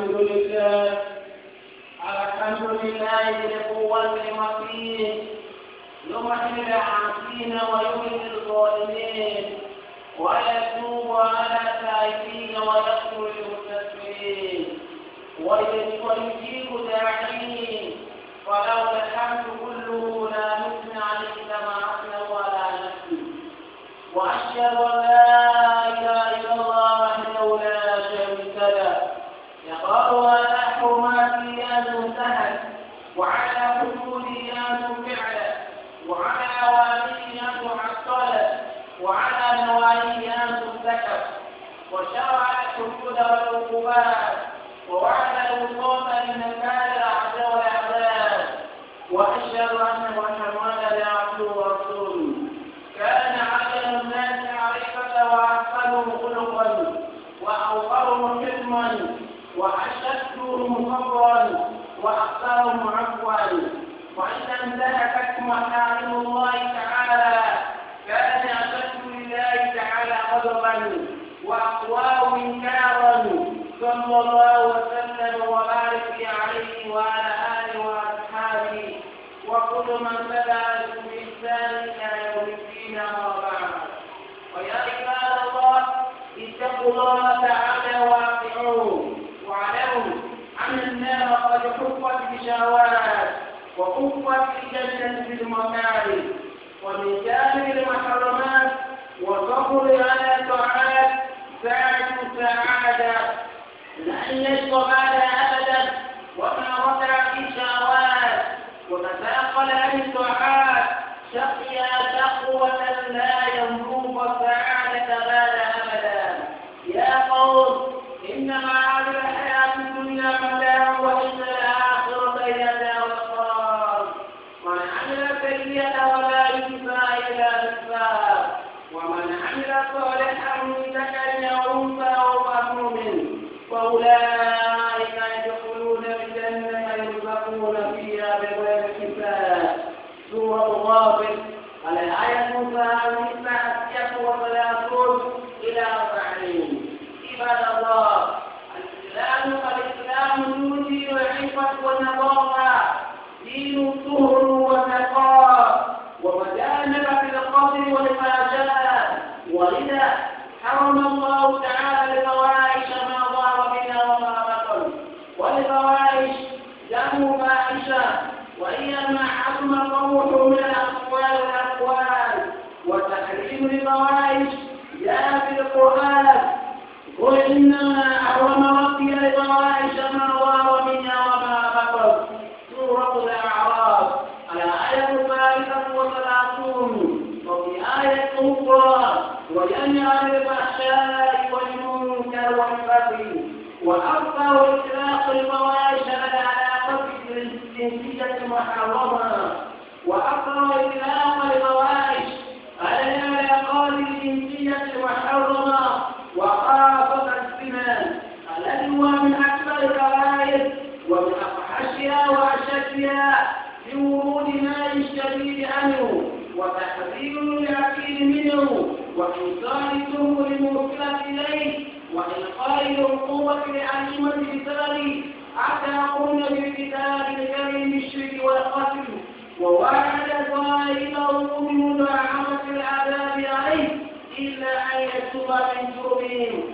الحمد لله الحمد لله لقوة المتين يمحي العاصين ويهدي الظالمين ويتوب على تائبين ويغفر المستكبرين ويجيب داعين فله الحمد كله لا نثني عليه كما اثنى ولا نثني واشهد ان لا والسكت وشرع الحدود والعقوبات ووعد الوصول لمن كان العبد والعذاب واشهد انه محمدا عبده ورسوله كان عدل الناس معرفه واحسنهم خلقا واوفرهم حكما واشدهم صبرا واكثرهم عفوا وان انتهكت محارم الله تعالى نارا صلى الله وسلم وبارك عليه وعلى آله وأصحابه وكل من تبعهم بإحسان إلى يوم الدين وبعد ويا عباد الله اتقوا الله تعالى وأطيعوه واعلموا أن النار قد حفت بشهوات وحفت الجنة بالمكاره ومن جانب المحرمات وصبر على طعام سعادة لن أبدا وما رفع في شهوات وما ثاقل عن الدعاء شقي وإخراجهم للموصلة إليه وإلقاء العقوبة لأئمة بسببه حتى قمنا بالكتاب الكريم الشرك والقتل ووعد طائفه بالمداعمة العذاب عليه إلا أن يتوب من جرمهم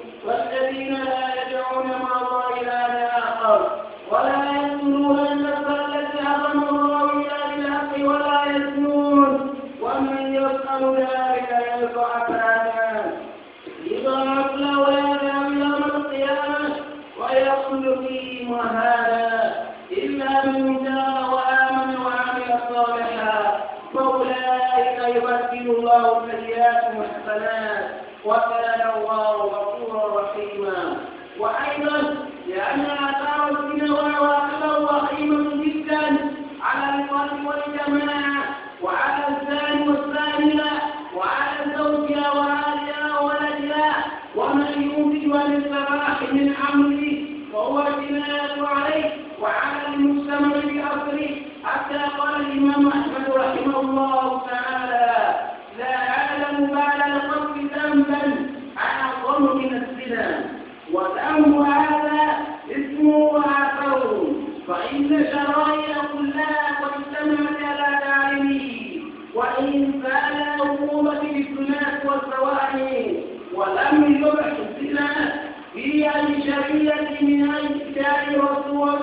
مبعث السنة في الشريعة من الكتاب والسور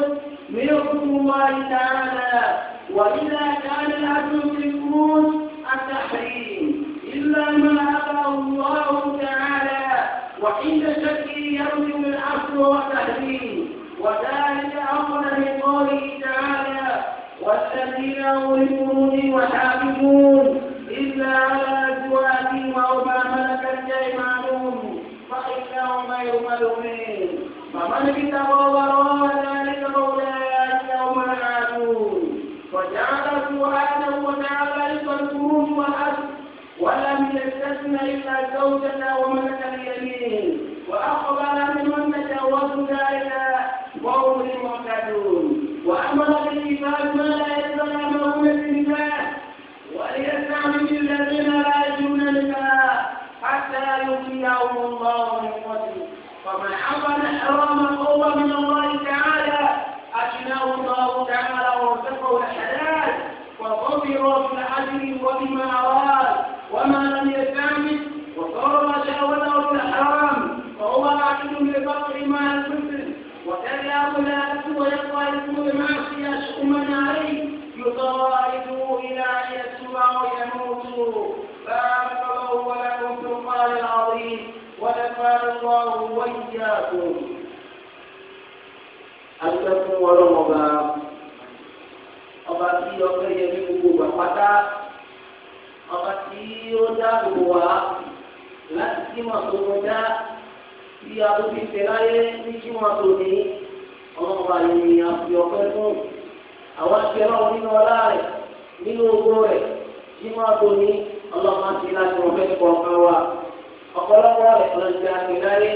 من ملك الله تعالى وإذا كان العبد يدركون التحريم إلا ما أبى الله تعالى وعند شكه يرجو العفو والتحريم وذلك أمر من تعالى والذين أولئك وحافظون إلا على أزواجهم أو ما ملكت أيمانهم يملون فمن كتب وراء ذلك فأولئك هم العادون وجعل سبحانه وتعالى الفلوس والأسر ولم يستثن إلا زوجة وملك اليمين وأقبل منهن تجاوزنا إلى قوم معتدون وأمر بالإيمان ما لا يزال أمرهن بالناس وليستعمل الذين لا يجدون لنا حتى يغنيهم الله من فضله فمن حمل حرام القوة من الله تعالى أجناه الله تعالى وارتفعوا الحلال وغفر في العدل وبما أراد وما لم يستعمل وصار شهوته شاوله في الحرام فهو عاقل بفقر ما الكفر وكذا ولاته ويقوى الكفر معصية شؤما عليه يطارده إلى أن يسوى ويموت فأنفقه ولكم في القال العظيم ونفعنا الله وإياكم alùpùpù wọlọ́wọ́ ọba ọba tí ọkọ yẹ ní gbogbo ọgbà pátá ọba tí ó dáàbò wá láti tí wọn tó kọjá tí arúgbó ìfẹ́ láyé ní tí wọn tó ní ọlọ́mọba yìí ni a fi ọpẹ́ fún àwọn akẹ́rọ̀ nínú ọlá rẹ̀ nínú ogbó rẹ̀ tí wọn tó ní ọlọ́mọba ti láti wọn fẹ́ kọ̀ọ̀kan wa ọ̀pọ̀lọpọ̀ rẹ̀ ọlọ́dún á fi láyé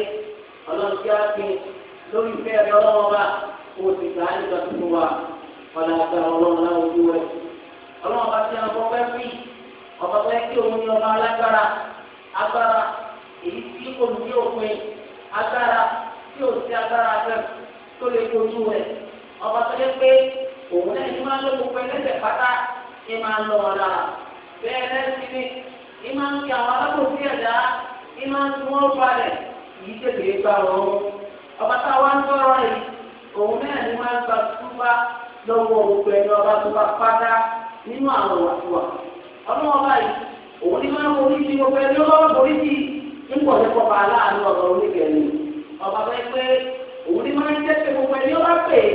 ọlọ́dún á fi lórí ìfẹ́ ẹ̀rọ ọlọ́wọ́ bá kó o sì gbà á nígbà tó wà ọ̀là àgbà ọlọ́run náà ojú rẹ̀. ọlọ́wọ́ bá ti àwọn ọkọ̀ fi ọkọ̀ fẹ́ kí òun ní ọba alágbára agbára èyí tí kò ní òpin agbára tí ò sí agbára rẹ̀ tó lè dojú rẹ̀ ọba tó yẹ pé òun náà ní máa ń lọ gbogbo ẹlẹ́sẹ̀ pátá ní máa ń lọ ọ̀la bẹ́ẹ̀ lẹ́sìn ní máa ń fi àwọn alábòsí ẹ̀dá iná tí wọ́n falẹ̀ yìí tètè gba wọn ọba táwa ń tọrọ yìí òun náà ni máa ń gba túbá lọ́wọ́ gbogbo ẹni ọba tó pátá nínú àwọn òun ni borí sí gbogbo ẹni borí sí nípò oníkẹ́ni ọba bẹ́ẹ̀ pé òun ni tẹ́tẹ́ gbogbo ẹni ọba pè é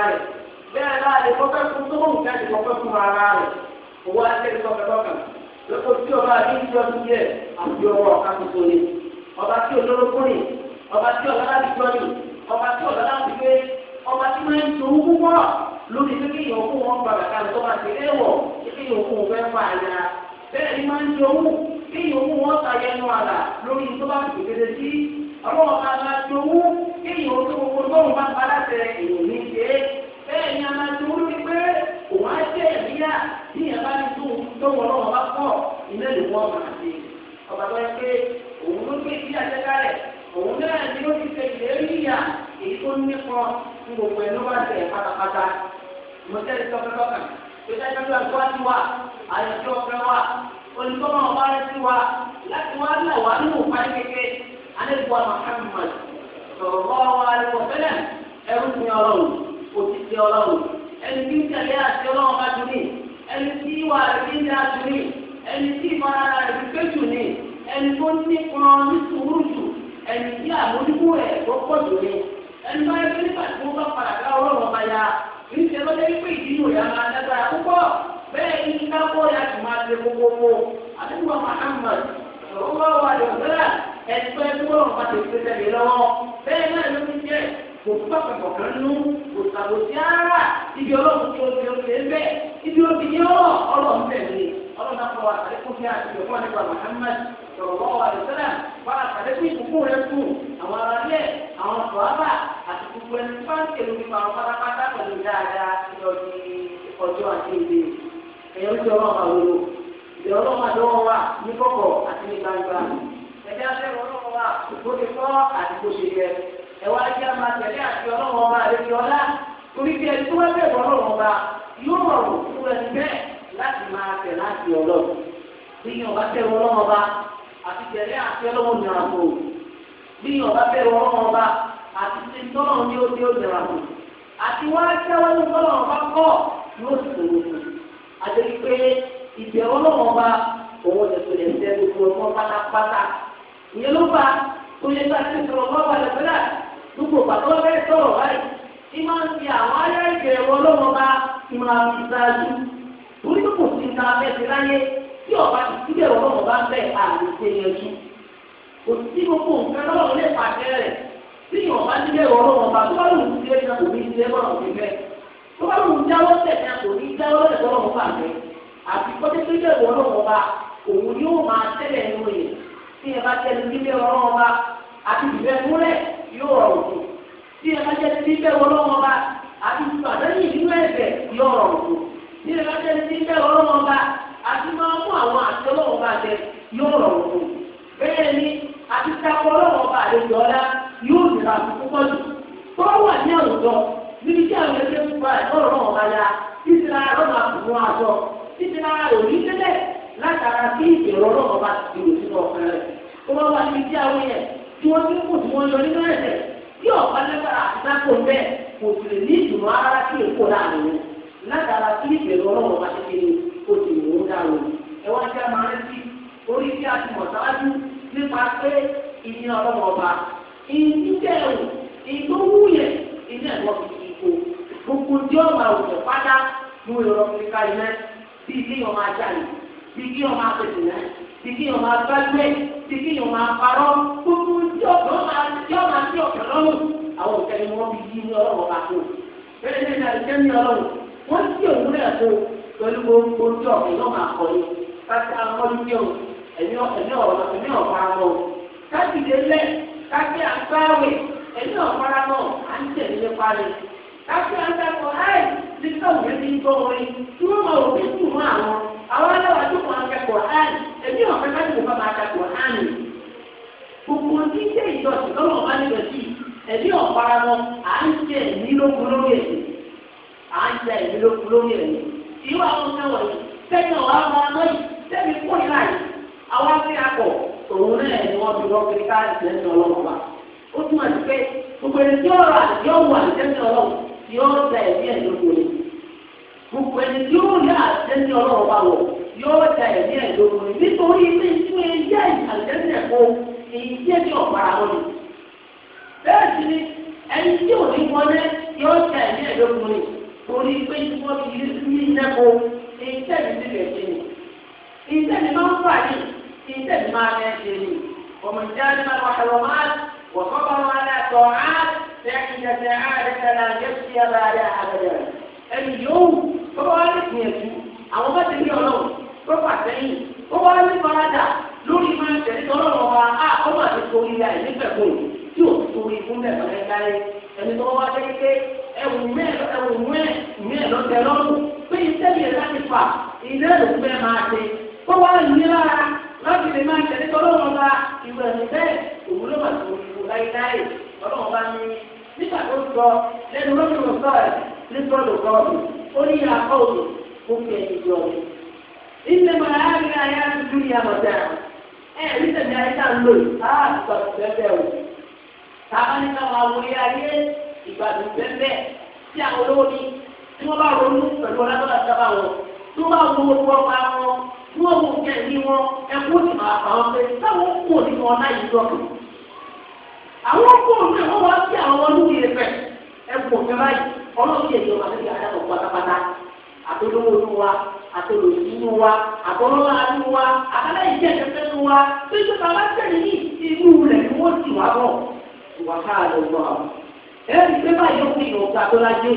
lókun bẹ́ẹ̀ náà lè kọ́ fẹ́ fún tó ń jáde kọ́ fẹ́ fún ara rẹ̀ owó akẹ́kẹ́ kọ́ fẹ́ lọ́kàn lọ́kọ̀ tí ọba àdéhùn ọdún yẹ àti ọwọ́ ọ̀ká tuntun ni ọba tí olórúkúrì ọba tí ọba láti jọ́ni ọba tí ọba láti gbé ọba tí wọ́n ń tòun púpọ̀ lórí pé kéèyàn kó wọn gba bàtà lọ́tọ́ bá ti léwọ̀ kéèyàn kó wọn fẹ́ fà ya bẹ́ẹ̀ ni máa ń tòun kéèyàn kó wọn sàyẹnu àlà lórí tó bá ti gbèdé sí ọlọ́wọ́ ká máa tòun kéèyàn tó gbogbo tóun bá padà tẹ èèyàn ní ṣe náà ló wọ́n máa ṣe ọba tó yẹ pé òun ló gbé sí àtẹ́kálẹ̀ òun náà ni ó ti ṣe ìlérí ìyà èyí tó nípa ní gbogbo ẹ̀ ló wá ṣe ẹ̀ pátápátá mo tẹ́lẹ̀ sọ fẹ́ lọ́kàn tó dájú pé àgbo àti wa àyànjọ ọ̀fẹ́ wa olùkọ́mọ ọba rẹ̀ sí wa láti wá là wá nù parí kéke alẹ́kùn Muhammad sọ̀rọ̀ bá wa alẹ́kùn fẹ́lẹ̀ ẹrú ti ọlọ́run òtítì ọlọ́run ẹni tí ń tẹ̀lé àti ọlọ́run bá dùn ní ẹni tí wà á ẹni tí ìmọ̀lára rẹ̀ ti péjù ni ẹni tó ní kan ní sùúrù jù ẹni tí àmójúkú rẹ̀ tó pọ̀ jù ni ẹni tó yẹ kí nígbà tí wọ́n bá padà ká ọlọ́run ọba ya kì í ṣe lọ́jọ́ pé ìdílù rẹ̀ máa dágbára púpọ̀ bẹ́ẹ̀ ni káwọ́ ya sì máa ṣe gbogbogbò àdúgbò Muhammad ọ̀rọ̀ wà lọ́sẹ̀rà ẹni tó yẹ kí wọ́n bá ti ṣe tẹ̀lé lọ́wọ́ bẹ́ẹ̀ náà ló ti jẹ́ kò pàpà kọ̀ọ̀kan nú kò sàbòsí ara ibi ọlọ́run tó ti ṣe é bẹ́ẹ̀ ọlọ́run náà fọwọ́ àtàlẹ́kùn sí àti ìyọ̀fọ́ nípa Muhammad sọ̀rọ̀ wọ́wọ́ àdìsẹ́lẹ̀ wá àtàlẹ́kùn ìkókó rẹ̀ kù àwọn ará ilé àwọn sọ̀rọ̀bà àti gbogbo ẹni tí bá ń kéwòn nípa àwọn pátápátá pẹ̀lú dáadáa lọ́dí ọjọ́ àti èdè ẹ̀yọ́ ń jọ ọlọ́run yóò rọrùn fún ẹni bẹ́ẹ̀ láti máa tẹ̀ láti ọlọ́run bí yàn bá tẹ̀ wọ́n lọ́wọ́ bá àti tẹ̀lé àti ọlọ́run nira kò bí yàn bá tẹ̀ wọ́n lọ́wọ́ bá àti tẹ̀ tọ́lọ́run ní ojú nira kò àti wọ́n á tẹ́wọ́ ní tọ́lọ́run bá kọ́ yóò sì wò ó àti pé ìbẹ̀wọ́ lọ́wọ́ bá òun lè pèlè ṣe gbogbo ọmọ pátápátá ìyẹn ló fà oyè bá ti sọ̀rọ̀ bá balẹ̀ fẹ́lẹ̀ gbogbo pàtó bẹ́ẹ̀ sọ̀rọ̀ báyìí ìmọ̀ ń fi àwọn torí tó kò sí nǹkan abẹ́sẹ̀ láyé tí ọba ti síbẹ̀ ọlọ́run bá ń bẹ̀ àlè ṣe yanjú kò sí gbogbo nǹkan lọ́wọ́ lè pàṣẹ rẹ̀ tí ọba síbẹ̀ ọlọ́run bá tó bá lòun ti lé náà kò ní ti lé bọ́lá òfin bẹ́ẹ̀ tó bá lòun jáwọ́ tẹ̀ náà kò ní jáwọ́ tẹ̀ bọ́lá òfin bẹ́ẹ̀ àti kọ́tẹ́ síbẹ̀ ọlọ́run bá òun yóò máa tẹ́lẹ̀ nínú yẹn tí ẹ bá tẹ́lẹ̀ síbẹ̀ ọlọ́run bá àti ìbẹ̀ múlẹ̀ yóò rọrùn tó tí ẹ bá tẹ́lẹ̀ síbẹ̀ ọlọ́run bá àti ìbàdàn yìí nínú ẹ̀fẹ̀ yóò rọrùn tó ní ìbájẹ́ ti bẹ́ẹ̀ ọlọ́wọ́n bá àti máa mú àwọn àti ọlọ́wọ́n bá jẹ yóò rọ̀ wọ́n bẹ́ẹ̀ ni àti takọ ọlọ́wọ́n bá àlejò ọ̀la yóò nira púpọ̀ jù tó wà ní àwùjọ níbi tí àwọn ẹgbẹ́ ń pa ẹ̀kọ́ ọlọ́wọ́n bá ya títí lára lọ́nà àbùkù àjọ títí lára òní tẹ́lẹ̀ látara kí ìbẹ̀rù ọlọ́wọ́n bá ti dèrò sínú ọ̀kan rẹ̀ tó látara kí ìbẹ̀rù ọlọ́run máa ṣe kí ni o sì mú un dáhùn ẹ wá jẹ́ máa ń sí orí tí a ti mọ̀ sáájú nípa pé ìyẹn ọlọ́run ọba ìdíjẹ̀rù ìgbówúyẹ̀ ilé ẹ̀kọ́ fi ti kó gbogbo tí ó máa wùdọ̀ pátá ló yọrọ fi ká iná bí kí ọmọ ajáyè bí kí ọmọ apẹ̀tẹ̀ náà bí kí ọmọ agbágbé bí kí ọmọ aparọ́ gbogbo tí ọ̀dọ́ máa tí ọ̀dọ́ lọ́rùn àwọn òkè wọ́n ti òwúrọ̀ ẹ̀kọ́ pẹ̀lú gbogbo tí ọ̀pọ̀ náà máa kọ́ ni káṣí amọ́lú ní òun ẹ̀mí ọ̀rọ̀ ọ̀pára náà káṣí délẹ̀ káṣí àgbáwẹ̀ ẹ̀mí ọ̀pára náà ń rẹ̀ àgbàkọ̀ ní orin tí wọ́n máa mọ́ àwọn àwọn aláwọ̀ àdúgbò ẹ̀mí ọ̀pára náà ń tẹ̀ à ìlú lókun lórí ẹ̀yìn irú àwọn ọ̀sán wọ̀nyí sẹ́yìn ọ̀rọ̀ àwọn ọmọ yìí sẹ́yìn kó ìlà yìí àwọn afẹ́ akọ̀ òun náà ni wọ́n fi wọ́n kiri káàdì lẹ́sìn ọlọ́run wa ó túmọ̀ sí pé gbogbo ẹni tí ọ̀rọ̀ yóò wà lẹ́sìn ọlọ́run tí ó da ẹ̀mí ẹ̀ lóko ni gbogbo ẹni tí ó yà lẹ́sìn ọlọ́run wa wọ̀ yóò da ẹ̀mí ẹ̀ lóko ni nítorí pé fún ẹyẹ àlẹ́sìn ẹ̀kọ́ ìyẹ́ ní ọ̀pára wọn ni bẹ́ẹ̀ sì ni ẹni tí torí pé tí wọ́n fi lé sí nẹ́kọ̀ọ́ ìtẹ́ni ti lè ṣe ni ìtẹ́ni máa ń fà ní ìtẹ́ni máa ń ṣe ni ọmọ ìjáde máa wà lọ máa wọ̀ kọ́kọ́ máa lẹ́ tọ́ á lẹ́yìn ìjẹsẹ̀ á lẹ́sẹ̀ náà yẹ kí ẹ bá yẹ àgbẹ̀dẹ̀ ẹni yóò kọ́kọ́ wá lè gbìyànjú àwọn bá ti rí ọlọ́run kọ́kọ́ àtẹ́yìn kọ́kọ́ tí ò sórí fún ẹ̀rọ ẹ̀ka yẹ ẹni tó wá kékeré ẹ̀wù mẹ́ẹ̀ ẹ̀wù mẹ́ẹ̀ mẹ́ẹ̀ lọ́tẹ̀ lọ́rùn pé iṣẹ́ yẹn láti fà ilé ẹ̀rù mẹ́ẹ̀ máa ṣe tó wá nílá láti lè máa tẹ̀lé tọ́lọ́wọ́n bá ìwé ẹ̀mí bẹ́ẹ̀ òun ló máa sọ̀rọ̀ ìfò láíláí ọlọ́wọ́n bá ní nígbà tó sọ lẹ́nu lọ́sọ̀rọ̀ sọ̀rọ̀ ní sọ̀rọ̀ kọ́ọ̀dù ó ní àkọ́ òdò kó fi ẹ̀yìn yọ mi. ìṣẹ́ mọ̀ láàrin àyà dúdú ni àmọ̀tẹ́ ẹ̀ ní tẹ̀lé tàbá ní káwọn awolé ayé ìgbàdùn bẹ́ẹ̀ tí àwọn olówó ni tí wọ́n bá ronú pẹ̀lú ọlágbọ́dá sábà wọn tí wọ́n bá wo orúkọ pa wọn tí wọ́n wo nǹkan ẹ̀mí wọn ẹ̀kú ti máa fà wọn pé táwọn kú òní wọn náà yìí lọ́kàn. àwọn kú òní wọn wá sí àwọn olúwi rẹ̀ pẹ̀ ẹ̀kú òfin báyìí ọlọ́sìn èyí ọba níbi àdàpọ̀ pátápátá àtolówó inú wa àtolòsí inú wa àtọlọ́lá wa àtàlẹ́yìn jẹ́ ẹ̀fẹ́ wa pé tó bá tẹ̀lé ní ìsinú rẹ̀ ni wọ́n ti wá bọ̀ wàhálà lọ. ẹ ẹ́ ìgbé báyìí ó fi ìrọ̀gbà tó la dé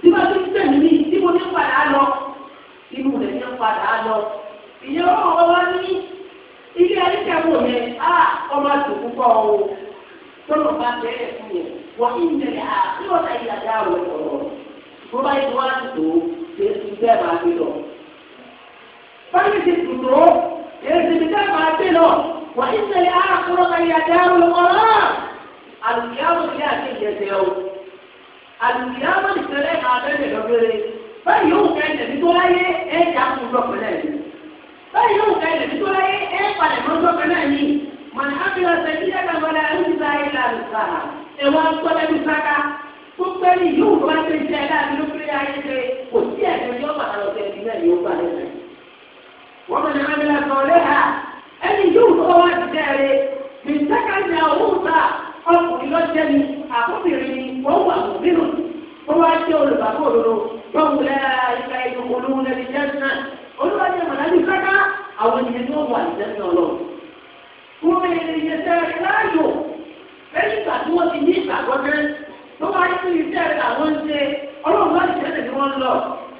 tí bá ti tẹ̀lé mi tí mo ní padà lọ inú rẹ̀ ní padà lọ. ìyẹn wọn ọmọ wa ní ilé ayé kẹwọn yẹn á ọmọ àtùkù kọ o tọ́lọ̀ bá bẹ̀rẹ̀ fún yẹn wọ́n ń bẹ̀rẹ̀ à kí wọ́n ta ìyá dá àwọn ọ̀rọ̀ bó bá yẹ wá ti tó lè ti bẹ́ẹ̀ máa gbé lọ. báyìí ti tù tó lè ti bẹ́ẹ̀ máa gbé lọ wọ́n ń bẹ̀rẹ̀ à kí ta ìyá dá àwọn ọ̀rọ̀ alùpùpù ní àti ìyẹ̀dẹ̀ o alùpùpù ní sẹlẹ̀ àbẹ̀lẹ̀ lọ́gbẹ̀rẹ̀ báyìí yóò kẹ́ ẹ̀jẹ̀ tó láyé ẹ̀ jà fún lọ́pẹ̀lẹ̀ ni báyìí yóò kẹ́ ẹ̀jẹ̀ tó láyé ẹ̀ palẹ̀ mọ́ lọ́pẹ̀lẹ̀ ni màá àbílọ̀ sẹ́yìn dẹ́gbà wọlé alùpùpù ayé la lùsà ẹ̀wọ̀n akọ́lẹ̀ mi sáká tó pẹ́ẹ́lí yóò wá sí iṣẹ́ láti lókèrè ayé ṣe kò sí ẹ̀jẹ̀ yóò bàtà lọ́sẹ̀ ومن عمل صالحا أن يوصى وجداره من ذكر أو أنثى jẹ́ ni àkóbìnrin ni wọ́n wà nínú wọ́n wá jẹ́ olùbàbọ̀ òdodo wọ́n wulẹ̀ ìgbà ìlú olówó lẹ́ni jẹ́sínà olùwàjẹ́ màlábí káká àwọn ènìyàn ni wọ́n wà nìjẹ́sìn ọlọ́ wọ́n bẹ ènìyàn sẹ́rẹ̀ láàyò lẹ́yìn ìgbà tí wọ́n ti ní ìgbàgbọ́ tẹ́ tó wá ní iṣẹ́ àwọn ń ṣe ọlọ́run wá ìṣẹ́lẹ̀ ni wọ́n lọ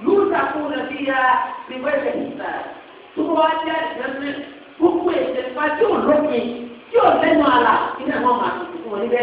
lóòótá fún un lẹ́bí ya ní wẹ́ẹ̀sẹ̀ ìgbà tó wá jẹ́ ìṣẹ́sìn gbogbo ètè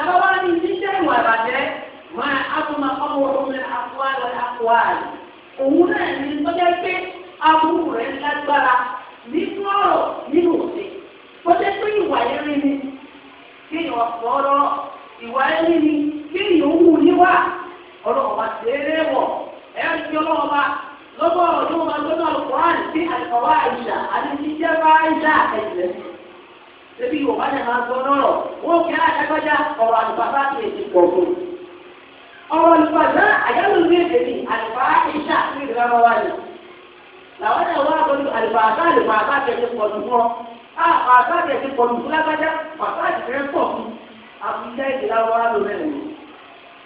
Tàbá wá ní jíjẹ́ ìwà ìbàjẹ́ máa ákùnmá ọmọ omi àkùwá lọ àkùwá rẹ̀. Òun náà ní tọ́jà pé aburú rẹ̀ lágbára nínú ọ̀rọ̀ nínú òde. Tọ́jà pé ìwà ẹ̀rí ni kí ìwà ọ̀rọ̀ ìwà ẹ̀rí ni kí ìyòwú níwà ọ̀rọ̀ ọ̀bà tẹ́lẹ̀ wọ̀ ẹ̀rí tí ọlọ́wọ́ bá lọ́gbọ́n ọ̀dọ́ ọba lọ́nà àlùkò ṣebí yorùbá náà máa ń sọ lọ́rọ̀ wọ́n kí á dágbájá ọ̀rọ̀ àlùfáà kì í ti pọ̀ fún un. ọ̀rọ̀ àlùfáà náà àyálò ní èdè ni àlùfáà iṣẹ́ àti ìdílámọ́ wa ni. làwọn náà wá pẹ̀lú àlùfáà bá àlùfáà bá kẹ̀kẹ́ pọ̀ lù fún ọ. àlùfáà bá kẹ̀kẹ́ pọ̀ lù fún lágbájá pàtó àtìkẹ́ pọ̀ fún àfijá ìdílámọ́ wa lò rẹ̀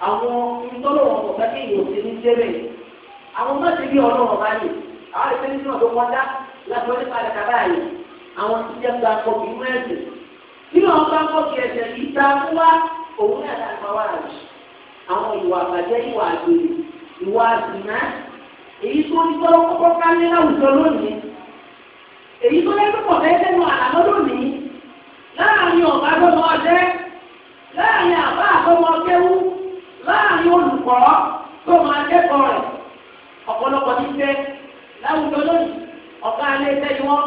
àwọn ìtọ́lọ́wọ̀n kò fẹ́ kí ìyòsí ní jẹ́rẹ̀ àwọn mọ́tò bí ọlọ́wọ̀n bá àwọn tí jẹ́ gba kọ̀bí inú ẹ̀sìn tí wọ́n bá kọ̀bí ẹ̀sẹ̀ yìí ta òun náà rẹ̀ àwọn ìwà àbàjẹ́ ìwà àgbèrè ìwà èyí tó ní kọ́kọ́ láwùjọ lónìí èyí tó lẹ́nu pọ̀ lónìí láàrin ọ̀gá láàrin àbá àtọmọ láàrin olùkọ́ tó máa kẹ́kọ̀ọ́ rẹ̀ ọ̀pọ̀lọpọ̀ fẹ́ láwùjọ lónìí ọ̀gá alẹ́ fẹ́ ni wọ́n.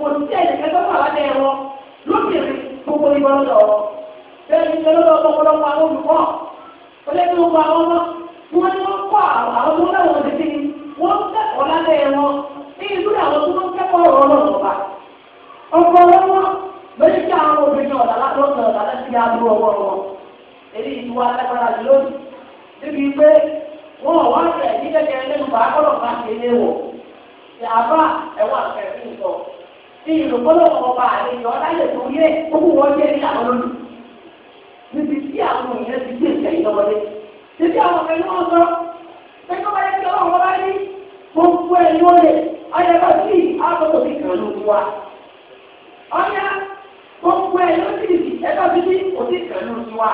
kò sí ẹ̀yẹ̀kẹ́ tó wà lábẹ́ wọn lóbìnrin gbogbo ìbọn lọ bẹ́ẹ̀ ni lọ́dọ̀ ọ̀pọ̀lọpọ̀ àwọn olùkọ́ ọlẹ́ni ọgbà àwọn ọmọ tí wọ́n ní wọ́n kọ́ àwọn tó lẹ́wọ̀n ọ̀dẹ́ sí ni wọ́n ń kẹ́kọ̀ọ́ lábẹ́ wọn ní ìlú àwọn tó ń kẹ́kọ̀ọ́ ọ̀rọ̀ ọlọ́ọ̀ba ọkọ̀ ọlọ́wọ́ lórí kí àwọn obìnrin ọ̀dà lọ́sọ̀ ọ̀dà láti yá lu ọwọ́ wọn èyí ti wá lágbára lónìí níbi pé wọn ìrùkọ́lọ́ ọba àlejò ọláyè tó yẹ owó wọn jẹ́ ní àwọn olùdó níbi tí àwọn èèyàn ti gbé ìtẹ̀yìn lọ́wọ́lé títí àwọn ọ̀gá ìlú ọ̀sán pẹ̀lú tí ọlọ́run ọba rí gbogbo ẹ̀ ní olè ọyẹ bá sí àbọ̀tò bí kan ló wá ọyẹ gbogbo ẹ̀ ló sì rí ẹ̀ka bí bí òsì kan ló wá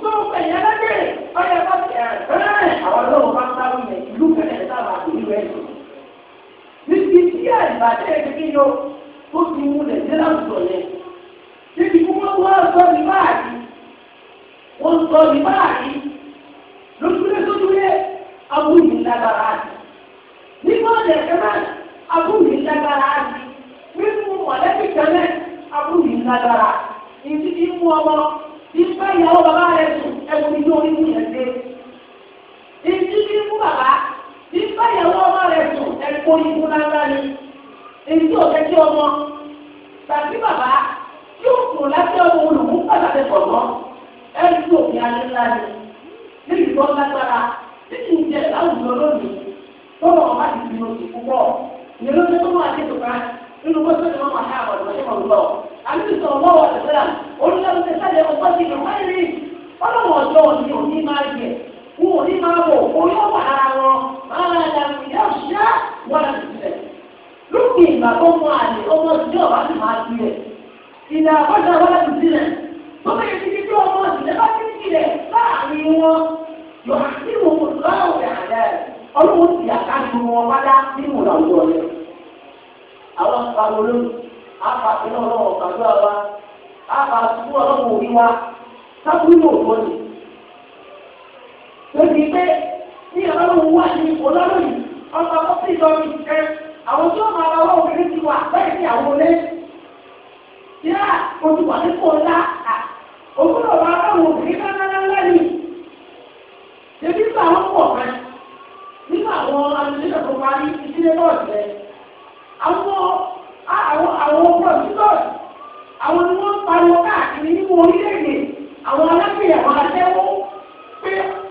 gbogbo ẹ̀yẹ lágbèrè ọyẹ bá sí ẹ̀rẹ̀ àwọn ọlọ́run bá sáré ìlú níbi tí àìbàjẹ́ ìdílé yọ tó ti mú lẹ̀ dé láwùjọ yẹn níbi kí wọ́n wá sọ ní báàgì wọ́n sọ ní báàgì lójúlé lójúlé abúlé lágbára àti nígbà ọ̀dẹ̀ kẹ́mẹ́ abúlé lágbára àti nínú mọ̀lẹ́bí kẹ́mẹ́ abúlé lágbára ìdí tí mú ọmọ ìfẹ́ ìyàwó bàbá rẹ̀ sùn ẹ̀kú ní orí mú yẹn dé ìdí tí mú bàbá nípa ìyàwó ọmọ rẹ̀ sùn ẹ̀kọ́ ikú lágbá ni èyí ò jẹ́ kí ọmọ tàbí bàbá tí ó sùn láti ọmọ olùkú pàtàkì kọ̀ọ̀kan ẹ̀rí tó fi alẹ́ ńlá ni níbi tó lágbára títí ìjẹ láwùjọ lónìí tó lọ ọba ti fi oṣù púpọ̀ ìyẹn ló fẹ́ tó máa ṣètò kan nínú gbọ́dọ̀ ni wọ́n máa ká àwọn ìwọ̀n ṣẹ́kọ̀ọ́ lọ. àbíkú sọ ọmọ wa ṣẹlẹ̀ olùdarí ṣẹlẹ̀ ọgbọ́n ti lọ wáyé rí ọlọ́wọ́ ọjọ́ òní òní máa yẹ wọn ò ní máa wọ̀ orí ọ̀wà ara wọn ara ẹ̀dá ìyá òṣìṣẹ́ wọn lè ti tẹ̀. lókè ìgbà tó mọ àlè ọmọ ìṣẹ́ ọ̀bá ti máa ti rẹ̀ ìlà àbọ̀dá wọn lè ti sílẹ̀ lọ́pọ̀ yẹn ti di bí ọmọ ìṣẹ́ bá ti ti rẹ̀ láàrin wọn yọ̀ sí òun láwùjọ àlẹ́ ọlọ́wọ́ ti àkájú wọn wádá nínú ìlàwùjọ rẹ̀. àwọn àpàlọ́ olóyún àpàtúnú ọlọ́wọ́ pàdúrà wa àpàtúnú ọlọ́wọ́ òbí wa sábúrú ní òkú ọ̀nì lórí pé ní ọlọ́run wà ní olórí ọmọ ọkọ̀ ìdọ́rí ẹ àwọn tó máa lọ wọ́n obìnrin ti wà bẹ́ẹ̀ ní àwọn olé yá ojú wà nípò ńlá òwúrọ̀ máa lọ́wọ́ obìnrin kánáà lẹ́nu ṣèbí bá wọn pọ̀ kan nínú àwọn alùpùpù tó parí ìdílé bọ́ọ̀sì rẹ̀ àwọn àwọn àwọn bọ́ọ̀sì bọ́ọ̀sì àwọn ni wọ́n pariwo káàkiri nínú orílẹ̀-èdè àwọn alágbèyàwó àtẹ́wọ́.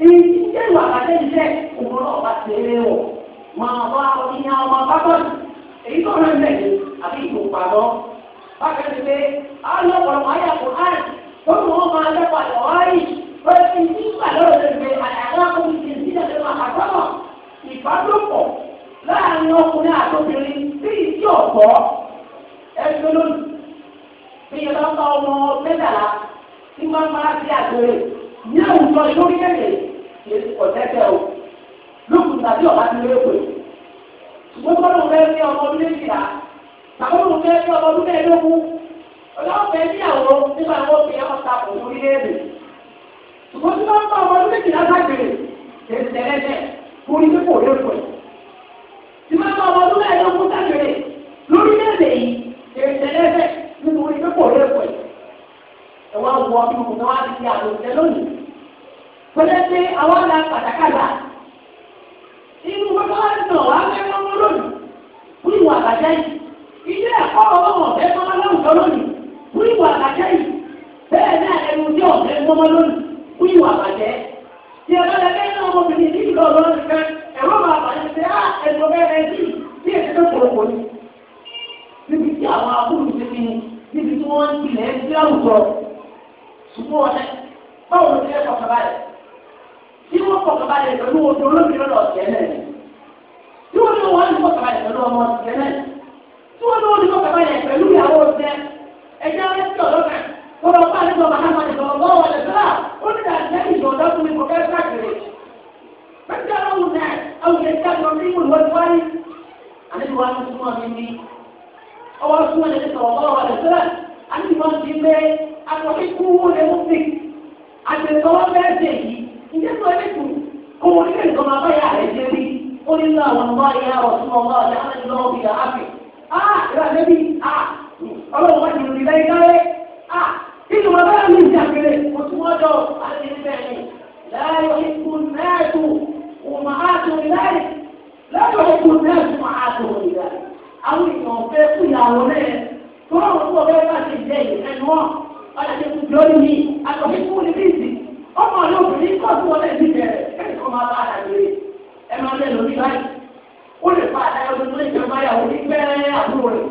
èyí jẹ́ ìwà àtẹ́jíṣẹ́ òun náà bá ti rẹ̀ wọ̀ máa wá ìyá ọmọ bábọ́ọ̀lù èyí tó rẹ̀ mẹ́rin àbí ìlú pàdọ́ bákan ní pé alọ́pọ̀lọpọ̀ ayàpọ̀ áì ó ní wọ́n máa lẹ́pọ̀ àyọ̀wọ́ áì ó ti ní ìgbàlódé rẹ̀ àyàwó akọ́bíyè nílẹ̀ àgbọ̀nà ìbálòpọ̀ láàrin ọkùnrin àtòkùnrin sí ìdí ọ̀pọ̀ ẹgbẹ́ lónìí bí ìyẹn bá ń bá ọmọ mẹ́tàlá ọmọ ọdún méjìlá àbọ̀dún fẹ́ bí ọmọ ọdún mẹ́ẹ̀ẹ́dógún ọlọ́wọ́ fẹ́ bí àwọn nígbà wọn fi àwọn ta òun orí léèrè ṣùgbọ́n tí wọ́n bá ọmọ ọdún méjìlá lágbèrè tẹ̀lẹ́tẹ̀ lórí pípò lóko ẹ̀ tí wọ́n bá ọmọ ọdún mẹ́ẹ̀ẹ́dógún lágbèrè lórí léèrè yìí tẹ̀lẹ́tẹ̀ nítorí pípò lóko ẹ̀ ẹ̀ wá wọ ìwò náà wá ti àlò tẹ lónìí pẹ̀lẹ́ pé àwọn ọ̀la pàtàkàlà inú gbọ́dọ̀ wá ń tàn wá fẹ́ lọ́wọ́ lónìí fún ìwà àbàjẹ́ yìí ilé ẹ̀kọ́ ọlọ́wọ́ ọ̀fẹ́ mọ́mọ́ láwùjọ lónìí fún ìwà àbàjẹ́ yìí bẹ́ẹ̀ náà ẹnu tí ọ̀fẹ́ mọ́mọ́ lónìí fún ìwà àbàjẹ́ tí ẹ bá lẹ bẹ́ẹ̀ náà ọmọbìnrin ní ìlú ọ̀rọ̀ nìkan ẹ̀rọ máa bàjẹ́ sí á ẹ̀rọ bẹ́ẹ̀ sí ní ètò ìpolówó ni níbi tí àwọn abúlù ti fi níbi tí wọ́n ń tilẹ̀ sí àwùjọ ṣùgbọ́n ọ̀nẹ́ báwo ni ẹ kọ̀ọ̀kan báyìí tí wọ́n kọ̀ọ̀kan báyìí pẹ̀lú odò olómìnira ọ̀tẹ̀ náà tí wọ́n ní wọ́n ní kọ́ kaba yẹn pẹ̀lú ọmọ ọ̀sẹ̀ náà tí wọ́n ní wọ́n ní kọ́ kaba yẹn pẹ̀lú ìyàwó ọ̀sẹ̀ ẹ̀jẹ̀ rẹ̀ sí ọ̀dọ́kà kọ́dọ̀ ọ̀pá àti ọmọ hàmà ní ọ̀gbọ́n wọn lè fẹ́ra ó ní àjẹ́ ìjọba fún mi kò fẹ́ káàkiri pẹ̀lú àwọn ọ̀nà àwùjẹ tí a lọ sí ìwé ìwé wáyé àti wọ́n ti fún ọmọ mi ọwọ́ fún ọmọ ní ọ̀gbọ́n wọn lè fẹ́ra àti wọ́n ti gbé akọ ikú rẹ̀ mú sí àti ìtọ́wọ́ bẹ́ẹ̀ dè yìí ìjẹ́ sọ ẹ̀ kù kò wọ́n ní kẹ́ ó ní náà wọn máa yá ọ̀tún ọmọ ọ̀dà àti lọ́wọ́ fi yà á fi. a ìrà débi a ọlọ́run wá jùlọ nílẹ̀ ìdáwé a nínú wọn bá mi jàgbére mo tún wọ́n dọ̀ àti níbẹ̀ ni láyọ̀ ikú mẹ́ẹ̀tù òmà àtò ìdáyì láyọ̀ ikú mẹ́ẹ̀tù mà àtò ìdáyì. àwọn èèyàn fẹ́ kú ìyàwó rẹ̀ tó rọrùn fún ọ̀rẹ́ bá ti jẹ ìrẹ́nu ẹ máa lẹ́ lórí báyìí ó lè fa àdáyọ̀ tó lè jẹun báyàwó ní pẹ́ẹ́rẹ́ àbúrò rẹ̀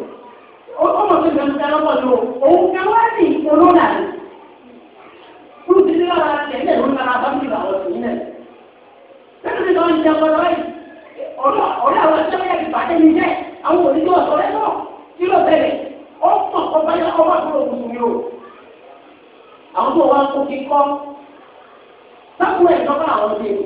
ó mọ̀ tó jẹun tẹ́lẹ̀ pọ̀ lò òun kẹ́ wá sí olóńgbà rẹ̀ kúrú ti nílò ara tẹ̀lé lórí ara bámi ìlà ọ̀rọ̀ sí nílẹ̀ lẹ́nu ti lọ́ọ́ jẹun pọ̀ lọ́yìn ọ̀rọ̀ àwọn ọ̀ṣẹ́ yẹn ìbàdẹ́ mi jẹ́ àwọn òdìjọ́ ọ̀ṣọ́ rẹ̀ náà kí ló bẹ̀rẹ̀ ó mọ̀ kọ́ báyọ̀ ọmọ àbúrò mùsùlùmí o àwọn tó wá kó kíkọ́ sákúrò ẹ̀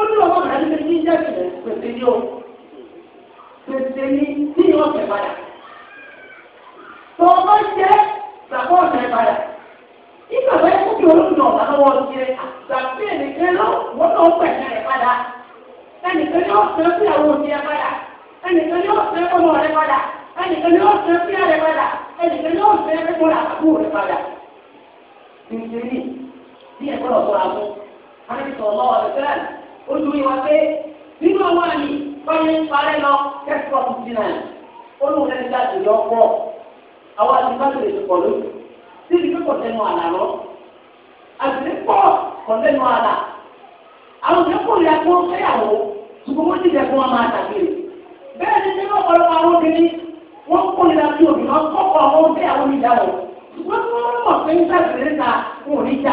ó ní ọmọ rẹ̀ ní ní jẹ́ ìrẹ̀ pèsè ní o pèsè ní tí yóò padà tó o jẹ́ gbàgbọ́ ọ̀tẹ̀ padà nígbà bá yẹ kó kí olóòtú ọ̀gá lọ́wọ́ ṣe àgbàgbé ẹnìkan lọ wọ́n náà ó pẹ̀lú ẹ̀ padà ẹnìkan yóò fẹ́ fún àwọn òbí padà ẹnìkan yóò fẹ́ fún ọmọ rẹ padà ẹnìkan yóò fẹ́ fún ẹ rẹ padà ẹnìkan yóò fẹ́ fún àbúrò rẹ padà. nítorí bí ẹ̀kọ́ ọ̀gbọ́n àbọ̀ àti sọ̀rọ̀ ọ̀rẹ́ fẹ́ràn ó ju ìwà pé nínú àwọn àmì kọ́lé parẹ́ lọ kẹ́kọ̀ọ́ tuntun náà ó lóun lẹ́ni láti yọ pọ̀ àwọn àti bá tẹ̀lé ti pọ̀ lójú tí ibi tó kọ̀tẹ́ nu àlà lọ àti pọ̀ kọ̀tẹ́ nu àlà àwọn òṣèré kò yà kó fẹ́yàwó ṣùgbọ́n wọ́n ti jẹ́ kó wọn máa tàbí bẹ́ẹ̀ ni nínú ọ̀pọ̀lọpọ̀ àwọn obìnrin wọ́n kó ìlà tí obìnrin wọn kọ́kọ́ àwọn fẹ́yàwó mi dà wọ́n ṣùgbọ́n tí wọ́n mọ̀ pé ń sàgbèrè ta wọn ò ní já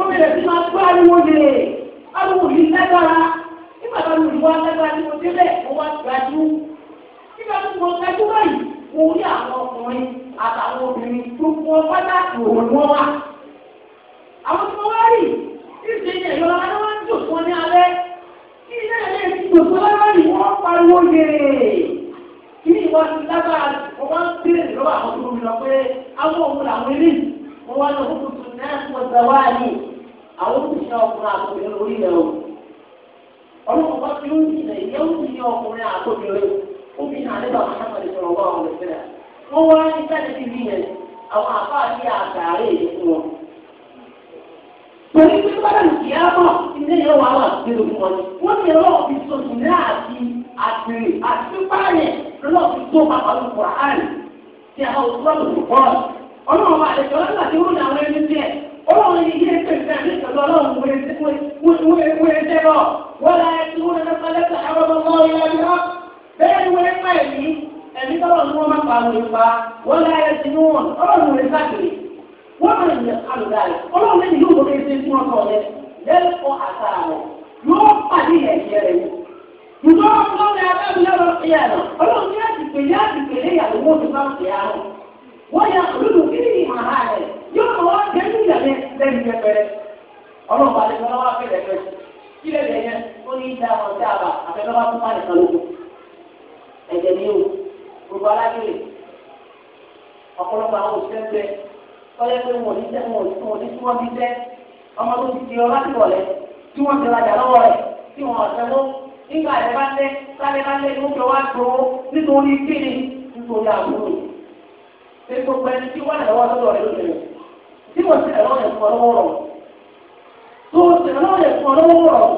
ó bẹ̀rẹ̀ sí máa gbọ́ ariwo lè ariwo yìí lágbára nígbà tó lù wá lágbára ni mo délẹ̀ mo wá gbájú nígbà tó mo gbájú báyìí mo rí àwọn ọkùnrin àtàwọn obìnrin tó fún ọ pátá òun ni wọ́n àwọn tí mo wá rí ìṣe ìyẹn yọ ara wọn jò fún ọ ní alẹ́ kí ilé ilé ti jò fún ọ lọ́rùn pariwo lè kí ni ìwọ ti lágbára mo wá ń bèrè lọ́wọ́ àwọn tó ń lọ pé àwọn òun làwọn eléyìí mo wá lọ fún tuntun náà fún ọ̀sẹ̀ wáyé. àwọn òṣìṣẹ́ ọkùnrin àtòbìnrin lórí rẹ̀ o. ọlọ́run bá fi ń jìnà ìyẹ́ òṣìṣẹ́ ọkùnrin àtòbìnrin obìnrin àlébà mọ́tàkàlì sọ̀rọ̀ wá ọ̀rẹ́ sílẹ̀. wọ́n wá ní sẹ́ẹ̀dì tí bí yẹn àwọn àfáà sí àgbàrá èyí fún wọn. pẹ̀lú pé ilé yẹn wà wà nínú fún wọn. wọ́n ti rọ́ ọ̀fi ní àti àtìrì àti lọ́ọ̀fi tó ọlọ́run yìí yé pé fẹ́ ní ìtọ́jú ọlọ́run wé ẹsẹ̀ lọ wọ́n la ẹtí wọ́n lọ́dọ́ pálẹ́tà àwọn ọmọ ìyá mi hàn bẹ́ẹ̀ ni wọ́n pa ẹ̀mí ẹ̀mí tọ́lọ̀ ni wọ́n máa pa àwọn ìpa wọ́n la ẹtí wọn ọlọ́run wé sáàkiri wọ́n máa yẹ alùpàá rẹ̀ ọlọ́run lẹ́yìn yóò wọlé ẹsẹ̀ fún ọkọ rẹ̀ lẹ́kọ̀ọ́ àtà rẹ̀ yóò pàdé ẹ̀jẹ̀ rẹ̀ ṣùgbọ́n ọlọ́run wọ́n yà lólu kí ni màá rẹ̀ yóò mọ̀ wá jẹ́ ní ìyàlẹ́ lẹ́nu pẹpẹrẹ. ọlọ́pàá lè lọ́wọ́ afẹ́lẹ́ fẹ́ kí lè lè yẹn ó ní ìdá àwọn ọ̀dẹ́ àbá àfẹ́lọ́wọ́ tó máa nìkan lóko. ẹ̀jẹ̀ ni o gbogbo alágbèrè ọ̀pọ̀lọpọ̀ àwọn òṣìṣẹ́ bẹ tọ́lẹ́ pé wọn ò ní tẹ́ wọn ò ní tí wọ́n ti tẹ́ ọmọ tó ti di ọ láti wọ̀lẹ́ tí wọ́n ti rajà lọ́wọ́ rẹ̀ tí wọ́n ọ̀sẹ̀ ló nígbà rẹ̀ bá tẹ́ sáré bá tẹ́ ló jọ wá gbowó nítorí kíni nítorí àbúrò ṣe gbogbo ẹni tí wọ́n ẹ̀rọ lọ́dọ̀ rẹ̀ lóde rẹ̀ tí mo ti ẹ̀rọ yẹn fún ọ lọ́wọ́ rọ̀ tó o ti ẹ̀rọ yẹn fún ọ lọ́wọ́ rọ̀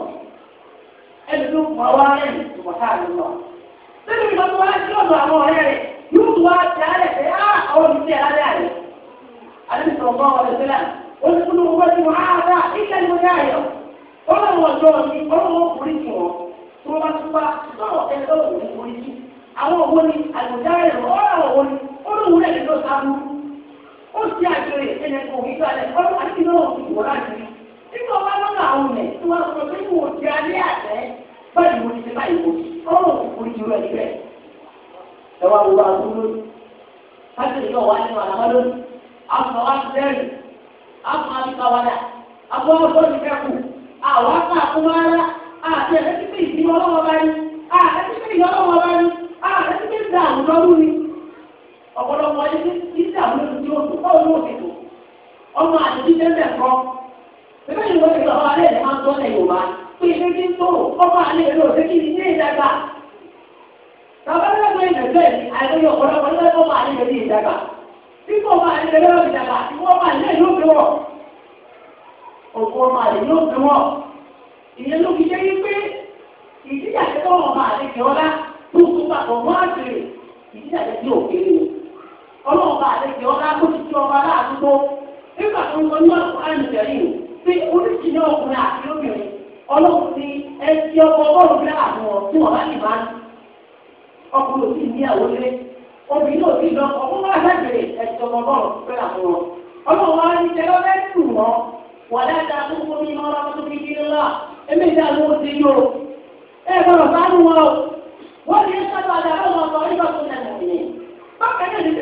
ẹni tó fún ọwọ́ ayé mi tó wà káàdì lọ. Sẹ́ni mi lọ́dún wá sí ọ̀dọ̀ àwọn ọ̀rẹ́ rẹ̀ yóò tún wá ti alẹ́ pé á àwọn mi ti alẹ́ àlẹ́. Alẹ́ mi sọ̀rọ̀ bọ́ọ̀ ọ̀rẹ́ sílẹ̀. Ó ti kúndùn owó tí wọ́n á dá ilé ni mo yá ayọ̀. Ọlọ́run ọjọ́ mi, ọlọ́run ọkùnrin kì wọ́n. Tí wọ́n bá tún wá, sọ̀rọ̀ ẹ̀ lọ́wọ́ òní orí. Àwọn òwò ni àlùdáyẹ̀ ọ̀rọ̀ òwò ni olóhùn rẹ̀ ló sábú ó sì àjọyọ̀ ìṣẹ̀lẹ̀ kò ní balẹ̀ ọdún àti náà ti wọ̀ láti rí nígbà wọn lọ́nà àwọn ọ̀nà tí wọ́n sọ pé kò ti alẹ́ àtẹ báyìí mo ti báyìí mo ti ọ̀rọ̀ kò ju rẹ̀ rẹ̀ ẹwà wo wa wú lónìí láti rí ọ̀wá nínú àlámọ́ lónìí àfọ̀ wá ti dẹ́rìn àfọ̀ àti kàwádà àfọ̀ àfọ̀ ti kẹ́kù àwọn àfọ̀ àkúmárá àti ẹ̀rẹ́ ìdí ọlọ́wọ́ bá àti ẹ̀rẹ́ ìdí ọlọ́wọ́ bá àti ẹ̀rẹ́ ìdí àwùjọ lónìí ọ̀pọ̀lọpọ̀ yìí títí àwọn olùdí oṣù kọ́ owó òṣèlú ọmọ àdìdí tẹ́lẹ̀ kọ́ bẹ́ẹ̀ ni wọ́n ti sọ alẹ́ rẹ̀ máa ń tọ́lẹ̀ yorùbá pé ilé tí ń tó ọmọ alẹ́ rẹ̀ òṣè kí ilé ìdàgbà bàbá lẹ́gbẹ̀ẹ́ ìdàgbẹ́ àìlóye ọ̀pọ̀lọpọ̀ ní wọ́n máa alẹ́ rẹ̀ ìdàgbà tí kò máa alẹ́ rẹ̀ ìdàgbà tí wọ́n máa alẹ́ yóò fi wọ̀ òkú ọmọ alẹ́ yóò fi wọ̀ ìyẹn ló fi jẹ́ yí pé ìdíjà tí wọ́n alẹ́ kẹ́ ọlá tó tún pàtó wọ́n á ṣe ìdíjà tí yóò ọlọ́run àlejò ọba láàdúgbò nígbà tó ń lọ ní ọ̀sán àìmọ̀lẹ́rì pé oríṣiríṣi ọkùnrin àti obìnrin ọlọ́run ti ẹtí ọkọ̀ ọgọ́rùn-ún bí àwọn tí wọ́n bá bá ọkùnrin òsì ní obìnrin òsì lọ ọkùnrin ẹtí ọgọ́rùn-ún bí àwọn ọlọ́run ní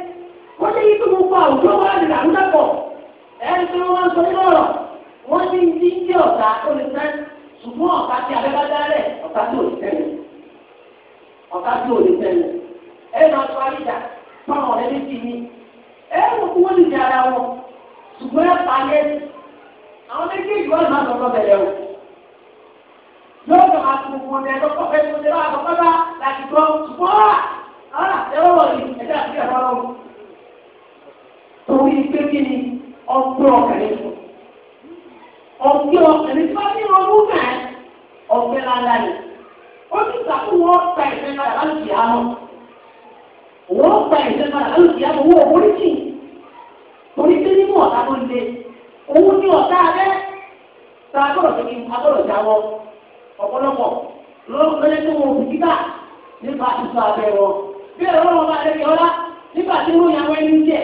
ó ní kí gbogbo àwùjọ wà lè làwùjọ pọ̀ ẹni tí wọ́n sọ nínú ọ̀rọ̀ wọ́n ti ń di kí ọ̀tá ó lè fẹ́ ṣùgbọ́n ọ̀tá tí abẹ́bá dálẹ̀ ọ̀tá tí ò lè fẹ́lẹ̀ ọ̀tá tí ò lè fẹ́lẹ̀ ẹ̀ náà tó àyíjà fáwọn ọ̀rẹ́ méjì ni ẹ̀ wọ́n kú wọ́n lè di ara wọn ṣùgbọ́n ẹ̀ pa yẹn àwọn méjèèjì wọ́n lè má bẹ̀rẹ̀ o yóò tó máa tún gbogbo ẹ̀ lọ́kọ̀ fẹ́ tó ṣe bá àkọ́kọ́ bá láti gbọ́ ṣùgbọ́n àwọn àtẹ́wọ́ torí pé kí ni ọgbẹ́ ọkàlẹ́ sùn ọgbẹ́ ọkàlẹ́ tí wọ́n ní ọdún mẹ́ ọgbẹ́ lálá ni ó ti sàkó wọ́n gba ìfẹ́ padà lálùkì àmọ́ wọ́n gba ìfẹ́ padà lálùkì àmọ́ wọ́n wọ́n ti torí pé nínú ọ̀tá tó le òun ní ọ̀tá rẹ̀ tá a gbọ́dọ̀ tó kí n agbọ́dọ̀ jáwọ́ ọ̀pọ̀lọpọ̀ lọ́lẹ́ tó wọn òbí kíkà nípa ìfọ̀ abẹ́ wọn bí ẹ̀rọ wọn bá lẹ́yìn ọlá nígbà tí wọ́n yàwó ẹni jẹ́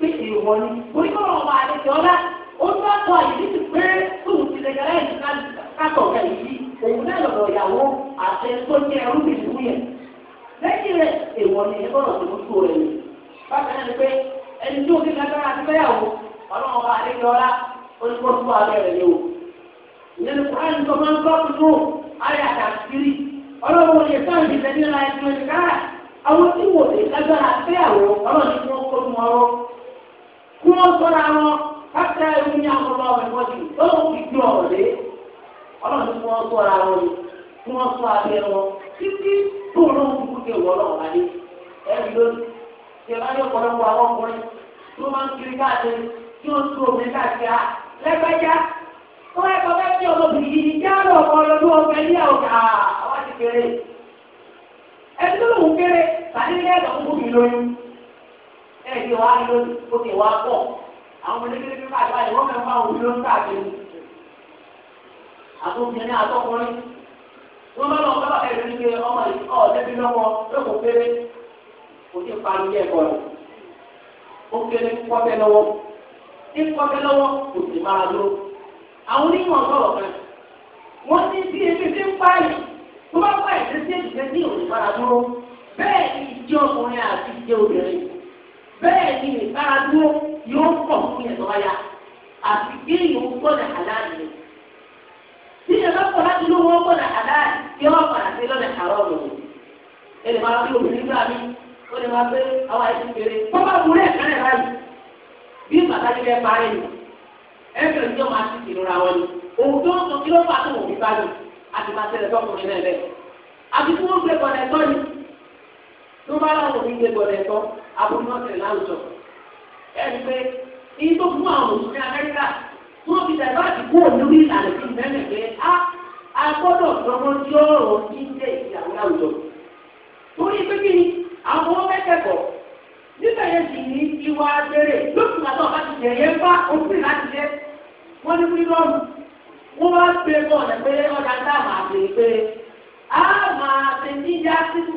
pé èèwọ̀ ni oníkọ̀rọ̀ ọba àlejò ọlá ó bá kọ ìdíjú pé tóun ti lè gẹ́rẹ́ ìlú kátọ̀ ọ̀gá yìí òun náà lọ́dọ̀ ìyàwó àti tó jẹ́ ẹrúbì ìlú yẹn lẹ́yìn rẹ̀ èèwọ̀ ni ẹgbọ́n ọ̀sẹ̀ lójú rẹ̀ ni bákan náà ni pé ẹni tí òfin lágbára ti fẹ́yàwó ọlọ́run ọba àlejò ọlá oníkó tó abẹ́ rẹ̀ ni o ìyẹn kúránì tó máa ń gbọ́ tuntun ayé àtàkiri ọlọ́run yẹ sáyẹn ìtẹ́jú náà ẹ̀ kí wọ́n sọ́ra wọn káṣá ní àwọn ọmọ ẹ̀fọ́ yìí ó ń fi gbé ọ̀rọ̀ lé ọlọ́run kí wọ́n sọ́ra wọn ni kí abẹ́ wọn títí tó kúkú lónìí ọ̀pọ̀lọpọ̀ àwọn ọkùnrin tó máa ń ẹ̀ẹ́dì wa ló òkè wa pọ̀ àwọn onílé bí bàbá yìí wọ́n mẹ́fà òun ló ń káàkiri àtúntìní àtọkùnrin wọ́n bá lọ bá ẹ̀rọ ní pé ọmọ yìí ọ̀ lẹ́bi lọ́wọ́ lọ́kọ̀ péré kò sí parí ilé ẹ̀kọ́ rẹ̀ ó kéré kọ́tẹ́ lọ́wọ́ ní kọ́tẹ́ lọ́wọ́ kò sì máa lọ àwọn onímọ̀ sọ̀rọ̀ kan wọ́n ti bí ebi ti ń pààyè tó bá pààyè tó ti èjì bẹ́ẹ̀ ni ìfaradúró yóò pọ̀ fún ẹ̀ lọ́wọ́ ya àti kí èèyàn gbọ́dọ̀ àdáàdì rẹ̀. tí èèyàn bá pọ̀ láti lówó gbọ́dọ̀ àdáàdì tí wọ́n padà sí lọ́dẹ̀ àárọ̀ lò ó. ẹnì máa bí obìnrin gbà mí ó lè máa gbé àwọn àìsàn kéré tó bá wúlé ẹ̀kánlẹ̀ báyìí bí pàtàkì bẹ́ẹ̀ parí nù ẹ̀kẹ́rẹ́ tí wọ́n máa ti kìlọ̀ ra wọn ni òun tó ń sọ kí ló fà á tó wọ̀ tó bá láwọn òbí gbé gbọdọ̀ ẹ̀kọ́ abúlé láwùjọ. ẹni pé iye tó fún àwọn òṣù ní tí wọ́n fi tẹ̀lé àti kú òní orí ìlànà tí mẹ́rin pé a a gbọ́dọ̀ tí ó rọ̀ ní ilé ìyàwó láwùjọ. torí pé kí ni àwọn ọmọ mẹ́kẹ̀kọ̀ nígbà yẹn sì ní ìwà abẹ́rẹ́ lókùn àti ọ̀bá ti jẹ̀ yẹn bá òfin láti jẹ́ wọ́n ní fúlọ́ọ̀mù wọ́n bá gbé bọ́ọ̀lù pé ọ̀dà táwọn àgbè pé a máa ṣe níjà sísù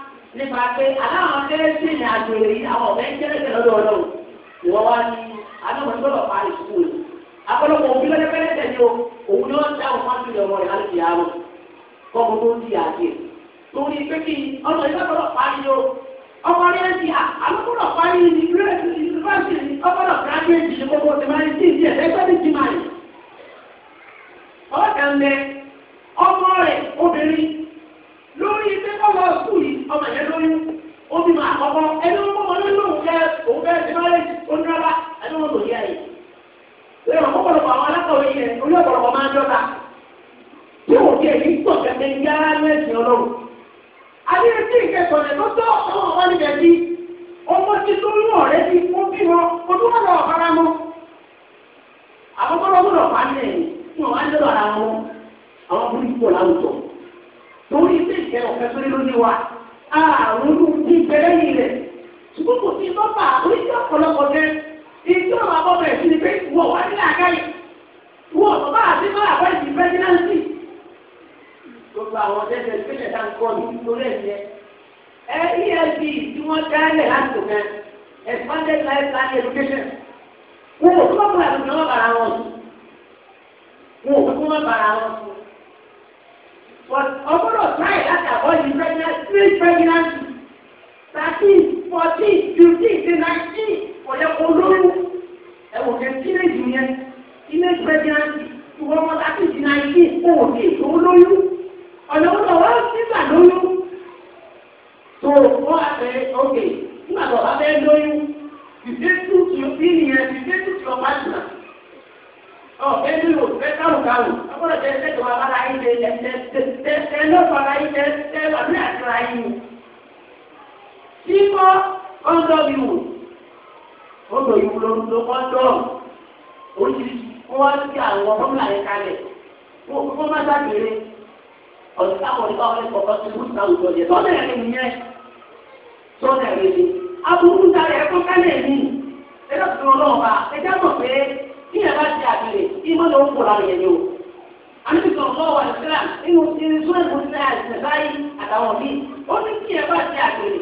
nípa pé aláwọn akẹ́rẹ́ sí ìrìn yìí àwọn ọ̀bẹ ń jẹ́rẹ́ tẹ̀lé lọ́dọ̀ ọ̀dọ̀ ìwọ wá ní alámọ̀tí lọ́dọ̀ pa ìsúkú rẹ̀ akọlọ́pọ̀ òbí lọ́dọ̀ fẹ́rẹ́ tẹ̀lé o òun ni wọ́n dá òun fásitì ọmọ rẹ̀ láti tó ń di torí pé kí ọmọ ọ̀dọ́ ìwò ọ̀dọ́ ìwò ló ń lo ọ̀dọ́ oríṣiríṣi wọ́n wá sí àwọn fọ́mùlà yẹn kalẹ̀ wọ́n má sákèrè ọ̀dọ́ àwọn ìgbà wọn kọ̀ọ̀kan ti wù sáwù jọ jẹ tọ́lẹ̀ rẹ̀ nìyẹn tọ́lẹ̀ rẹ̀ ni aburú sáré ẹ̀kọ́ kálẹ̀ mi ẹ̀dọ́ tó lọ lọ́wọ́ bá ẹ̀dá mọ̀ pé kí ẹ̀ bá ti àbẹ̀rẹ̀ ìmọ̀ ló ń kó lára yẹn ni o àmì sọ̀rọ̀ lọ́wọ́ wà ní sílẹ̀ nínú irinṣẹ́ ìmúṣẹ́ àìsàn báyìí àtàwọn míì ó ní kí ẹ̀ bá ti àbẹ̀rẹ̀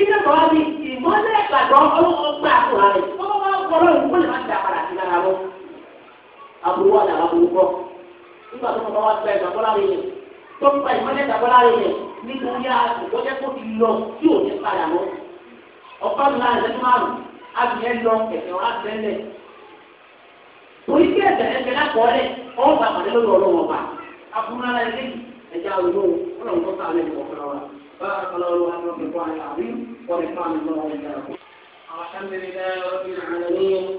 ilé ìgbà wa ni ìmọ̀lẹ́ ìgbàgbọ́ ọlọ́wọ́ gbé àkùrà rẹ̀ wọ́n bá wọ́n kọ́ lọ́wọ́ ìwé máa ń da padà sí lára wọn. aburú wà lára aburú kọ́ nígbà tó bá wá gba ìgbàgbọ́ lára yẹn tó ń gba ìmọ̀lẹ́ ìgbàgbọ́ lára yẹn nínú yá ìgbọ́jẹ́ kó ti lọ tí ò ní padà lọ. ọ̀pá mi lára ìṣẹ́jú márùn-ún abìyẹ́ lọ kẹ̀kẹ́ wá bẹ́lẹ̀. torí kí بارك الله لكم في القرآن العظيم ونفعني الله وإياكم الحمد لله رب العالمين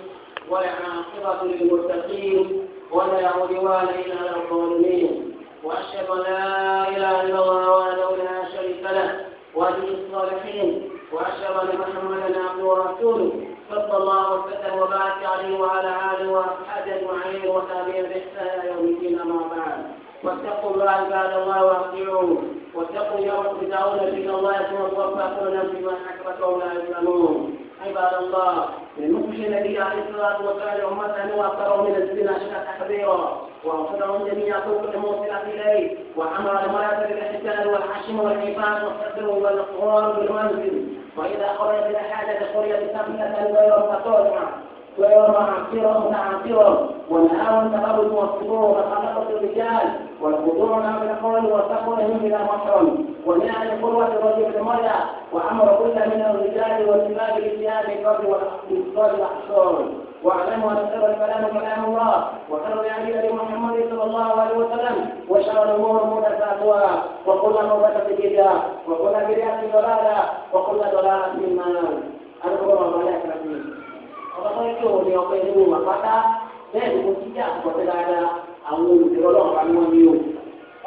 والعاقبة للمتقين ولا عدوان إلا على الظالمين وأشهد أن لا إله إلا الله وحده لا شريك له وأهل الصالحين وأشهد أن محمدا عبده ورسوله صلى الله وسلم وبارك عليه وعلى آله وأصحابه أجمعين وتابعين بإحسان إلى يوم الدين أما بعد واتقوا الله عباد الله وأطيعوه واتقوا يوم تدعون الى الله ثم توفى كل نفس ما حكمت وهم لا يظلمون عباد الله للمخرج النبي عليه الصلاه والسلام امته واكثرهم من الزنا شد تحذيرا وارشدهم جميعا فوق الموصله اليه وامر المراه بالاحسان والحشم والعفاف والصدر والاقرار بالمنزل واذا خرجت الحاجه خرجت سمكه غير مقطوعه ويوم عاصرهم عاصرهم ونهاهم تغرب والصبور وخلقة الرجال والخضوع بالقول والتقوى بلا محرم ونعم قوة الرجل المرأة وأمر كل من الرجال والشباب بالثياب القبر والأحصار واعلموا ان سر الكلام كلام الله وخير يعني لمحمد صلى الله عليه وسلم وشر الامور محدثاتها وكل محدثه بدعه وكل بدعه ضلاله وكل ضلاله في النار. أنا أقول الله عليك àwọn tó ń kí òun ní ọpẹ́ nínú wà pátá bẹ́ẹ̀ ni mo ti jẹ́ àkọ́tẹ́ dáadáa àwọn olùdíje ọlọ́run bá ní wọ́n ní o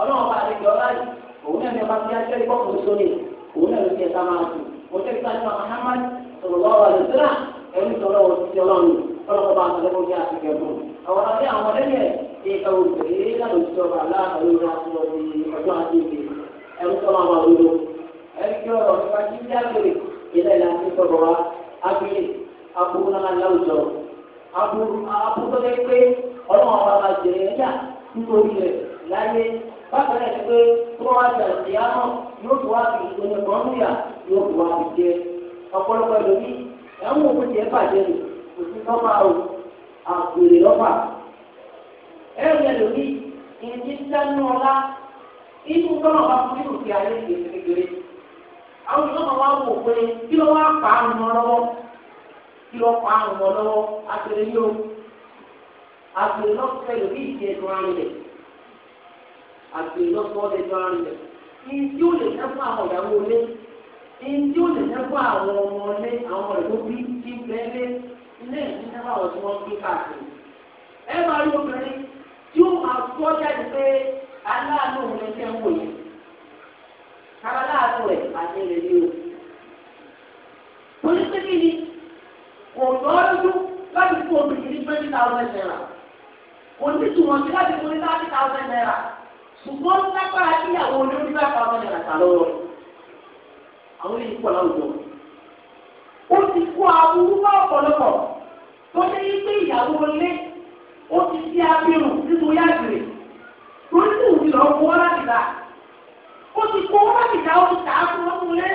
ọlọ́run bá àlejò ọlá yìí òun náà ní ọba tí a jẹ́ ìkọ́kùn sóni òun náà ló ti ẹ̀ka máa sùn mo jẹ́ ìgbà nípa Muhammad sọ̀rọ̀ wà lùsílà ẹ̀rí sọ̀rọ̀ wọ̀ sí ọlọ́run ọlọ́run bá àtàlẹ́ bó jẹ́ àtìkẹ́ fún àwọn àti àwọn ọ̀rẹ́yẹ ìka òṣèré lánàá ti ọba aláàbàlú ra lọ sí ọjọ́ àdéhùn ẹ̀rí àwọn ọ̀rọ̀ nípa jíjáde ilẹ̀ ìlànà ìsọ̀rọ̀ aburú náà láwùjọ aburú aburú tó pé ọlọ́run ọba máa jèrè ẹ̀yà nítorí rẹ̀ láyé bákan náà ti pé tó wá jà sí àmọ́ yóò tó wá fi kan níyà yóò tó wá fi jẹ ọ̀pọ̀lọpọ̀ òkú bàjẹ́ kò sí o àgbèrè ìdí sẹ́nu inú bá fún ti ayé kékeré àwọn wa wò kí ló pa àwọn ọmọ lọ́wọ́ àtẹ̀lé yìí o àtẹ̀lé lọ́sọ̀ ẹ̀lò bí ìṣe ẹ̀dùn ara rẹ̀ àtẹ̀lé lọ́sọ̀ ẹ̀dùn ara rẹ̀ ìdí ò lè fẹ́ fún àwọn ìyàwó ilé ìdí ò lè fẹ́ fún àwọn ọmọ ilé àwọn ẹ̀dùn bí ti bẹ́ẹ̀lẹ́ ilé ìdí fẹ́ fún àwọn tí wọ́n gbé káàkiri ẹ máa rí obìnrin tí ó máa gbọ́ jáde pé aláàánú rẹ̀ fẹ́ wò yẹn kára aláàánú rẹ̀ àti rẹ̀ ni o. Polisi kí ọ̀dọ́ dúdú láti fún obìnrin ní twenty thousand naira onítùmọ̀ sí láti fún ní thirty thousand naira ṣùgbọ́n lágbára kíyàwó olórí bá thousand naira ta lọ́wọ́ àwọn èyí pọ̀ láwùjọ. ó ti kó aburú bá ọ̀pọ̀lọpọ̀ tó ṣe yí pé ìyàwó ilé ó ti fi abirùn nínú yàgbèrè lórí tí òun lọ kó láti gbà ó ti kó láti gbà ó ti fún ọmọ ilé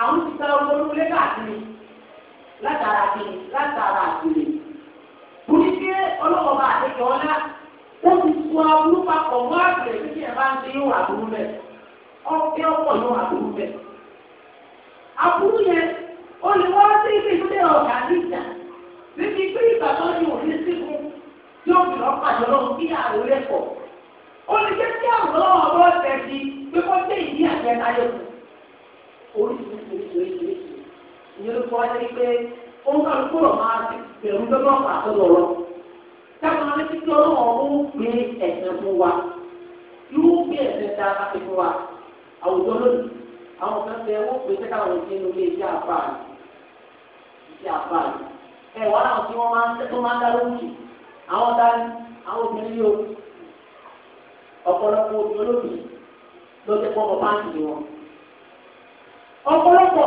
àwọn ti ọmọ ilé káàkiri. látara kìnnì látara àkùnlé. Torí pé ọlọ́wọ́ bá àtẹ̀kẹ́ ọlá ó ti sọ aburú papọ̀ mọ́ àgbẹ̀ tí kí ẹ bá ń ṣe yóò wà burú bẹ́ẹ̀. Ọ̀pẹ́ ọ̀pọ̀ yóò wà burú bẹ́ẹ̀. Aburú yẹn ó lè wá sí ilé ìdílé ọ̀gá níjà níbi pé ìgbà tó ní òní sígun yóò fi lọ́ pàdé ọlọ́run kí àrò rẹ̀ pọ̀. Ó lè jẹ́ kí àwòrán ọ̀rọ̀ ọ̀tẹ̀ di pé kó dé ìdí àjẹta yóò kù. Oríṣiríṣi oríṣiríṣi ìyẹn ló fọ ẹni pé ó ń kàn kúrò máa ti bẹ̀rù pé wọ́n pa àtọ́lọ̀ lọ. Táwọn ọmọ títí ọlọ́wọ́ ó ń gbé ẹ̀sẹ̀ fún wa. Yóò gbé ẹ̀sẹ̀ ta láti fún wa. Àwùjọ lónìí, àwọn kan fẹ́ wọ́n pè sí káwọn ìṣe inú ilé iṣẹ́ àfáàlì. Iṣẹ́ àfáàlì. Ẹ wá láwọn tí wọ́n máa ń dá lóòjì. Àwọn dání, àwọn obìnrin yóò ọ̀pọ̀lọpọ̀ obìnrin olóbìnrin ló ti pọ́ ọ̀pá àtìlẹ́wọ̀n. Ọ̀pọ̀lọpọ̀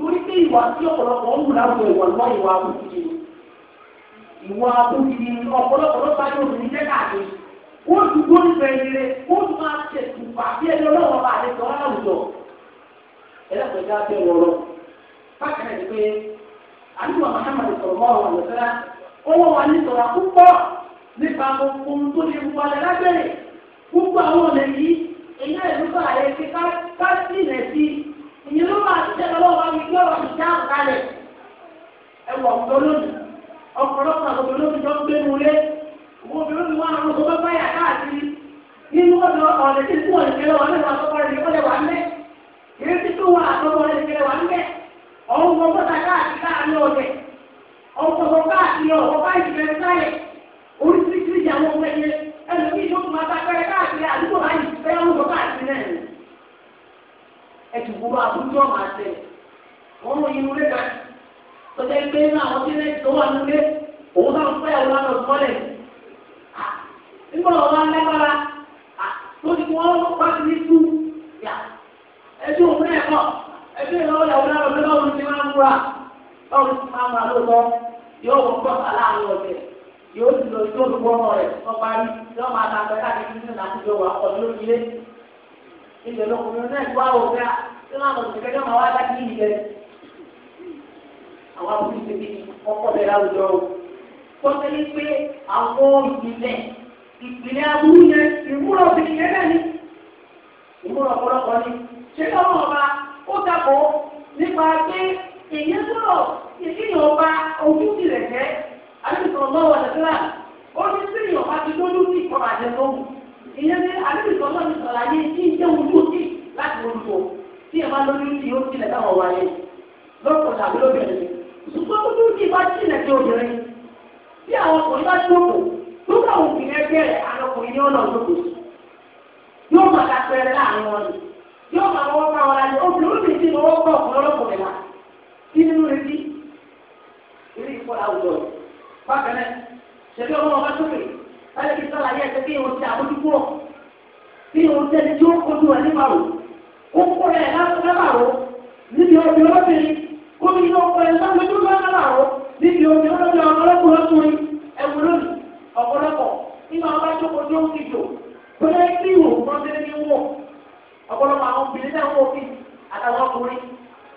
torí pé ìwà tí ọ̀pọ̀lọpọ̀ ń wù láwùjọ ìwà lọ́wọ́ ìwà àbújì ìwà àbújì ọ̀pọ̀lọpọ̀ bá yóò ní jẹ́ káàkiri ó ti gbóni bẹ̀rẹ̀ ó ti máa ṣètò pàbí ẹni ọlọ́wọ́ bá àlejò aláwùjọ ẹlẹ́kọ̀ọ́jà bẹ́ẹ̀ wọ̀rọ̀ bákan ẹ̀ pé àdúgbò Muhammad sọ̀rọ̀ mọ́ ọ̀rọ̀ lọ́sẹ̀rá owó wa ní sọ̀rọ̀ púpọ̀ nípa ohun tó lè wọlé lábẹ́rẹ̀ púpọ̀ àwọn ọ̀nà yìí èyí ìlú bá àyè ká sí ilẹ̀ sí i ìyẹn ló máa ti tẹ́lẹ̀ lọ́wọ́ mi gbé ọ̀rọ̀ ìjà àkàlẹ̀ ẹ̀wọ̀ ọ̀dọ́ ọ̀pọ̀lọpọ̀ àgbọ̀dọ̀ jọ ń gbé mu lé òun obìnrin mi wọn àwọn báyà káàkiri nínú ọ̀dọ̀ ọ̀rẹ́ tí kú ọ̀rẹ́ kẹlẹ́ wọn àkọ́kọ́ rẹ̀ kọ́lẹ̀ wà wà ńlẹ̀ ọ̀hún wọn bọ́ta tún máa bá pẹ́rẹ́ káàkiri àdúgbò láyìí fẹ́ ọ̀hún bọ́ ẹtù gbogbo àbújọ máa tẹ̀lé wọ́n mú irú rẹ̀ kan tọ́jà pé ní àwọn tí lẹ́yìn tó wà nílé òun náà fẹ́ ọ̀la lọ sọ́lẹ̀ nígbà wọn wá lẹ́bàrà tó ti wọ́n bá ti ní tú yà òun náà máa múra máa múra yóò sàlá àwọn yóò ti lọ sí olùkọ́ ilẹ̀ lọkùnrin náà wá òkè à tí wọ́n mọ̀ sí kẹjọ́ máa wá láti yìí jẹ. àwọn abúlé ti di ọkọ̀ bẹ̀rẹ̀ àwùjọ o. tọ́sílẹ̀ pé àwọn ìpìlẹ̀ ìpìlẹ̀ abúlé yẹn ìmúlò obìnrin yẹn náà ni ìmúlò ọ̀pọ̀lọpọ̀ ni. ṣé lọ́wọ́ ọba ó dàpọ̀ nípa pé èyí sọ̀rọ̀ ìdíyàn ọba ojú ti rẹ̀ jẹ́ àdúgbò náà wọ̀ ìyẹn ní àdébìtì ọlọ́run sọ̀rọ̀ ayé tí ń jẹ́ ojú òkè láti olùkọ́ tí ẹ bá lórí ti ó tilẹ̀ táwọn wáyé lọ́pọ̀ tàbí lóbìnrin ṣùgbọ́n ojú òkè bá tilẹ̀ tí obìnrin tí àwọn ọkùnrin bá jókòó tó bá òkùnrin ẹgbẹ́ rẹ̀ àwọn ní ọ̀nà òjòkó yóò máa ta pẹrẹ láàrin wọn yóò máa wọ́n pa wọn láti obìnrin olùkọ́ ti wọ́n pọ̀ ọkùnrin ọlọ́kùnrin la kí nínú retí eré ìfọ̀lá wọ́n ti sọ̀rọ̀ ayé ẹ̀sẹ̀ bí irun ti àmójúkúrò bí irun ti ẹni tí ó kojú ẹ̀ nípa rò ó kó ẹ̀ lábà rò níbi omi olóbìnrin kó mi ní ọkọ ẹ̀ lábójú lábà rò níbi omi olóbìnrin ọ̀pọ̀lọpọ̀ ọkùnrin ẹ̀wù lónìí ọ̀pọ̀lọpọ̀ nígbà wọn bá jókòó tó ń fi jò kó lẹ́ kí ìwò wọn bẹ́ẹ̀ ní wọ̀ ọ̀pọ̀lọpọ̀ àwọn obìnrin náà wọ̀ fi àtàwọn ọkùnrin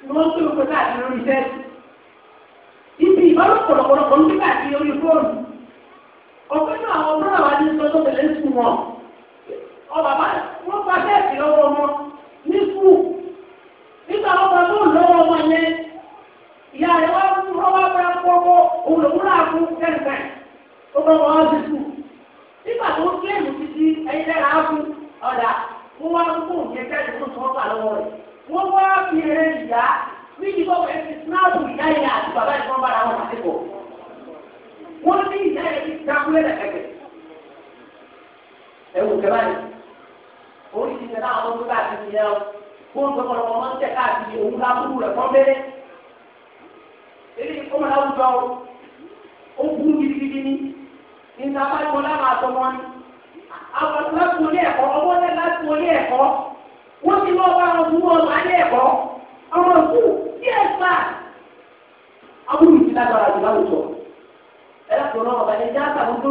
ni wọ́n tó ń káàkiri lórí sẹ́ẹ̀sì ibi ìbálòpọ̀ lọ̀pọ̀lọpọ̀ ń gbé káàkiri lórí fóònù ọ̀pẹ́ náà àwọn ọ̀pẹ́ náà wà ní sọ́jọ́ tẹ̀lé sùn wọn. ọ bàbá wọn gba bẹ́ẹ̀sì lọ́wọ́ wọn ní nígbà wọn tó lọ́wọ́ wọn ìyá wá pẹ́ pọ́pọ́ òwúrọ̀ ó wọn ti nígbà tó ń títí ẹyin á ọ̀dà wọn wá tó lọ́wọ́ rẹ̀ wá fi ìyá bí ìbọn wọ́n ní ìyá ẹ̀ dákúlẹ̀ lẹ́kẹ̀kẹ̀. ẹ wò kẹ́ báyìí oríṣiríṣi náà wọ́n tó káàkiri yẹn o kó ń tọkọ lọ́wọ́ máa ń tẹ̀ káàkiri òun lábúrú rẹ̀ kọ́ bẹ́ẹ̀. eléyìí kọ́mọ láwùjọ o ó bú gidigidi ní nígbà bá yọ lára àtọmọ ni àwọn láti wọlé ẹ̀kọ́ ọwọ́ tẹ láti wọlé ẹ̀kọ́ wọ́n ti lọ́ọ́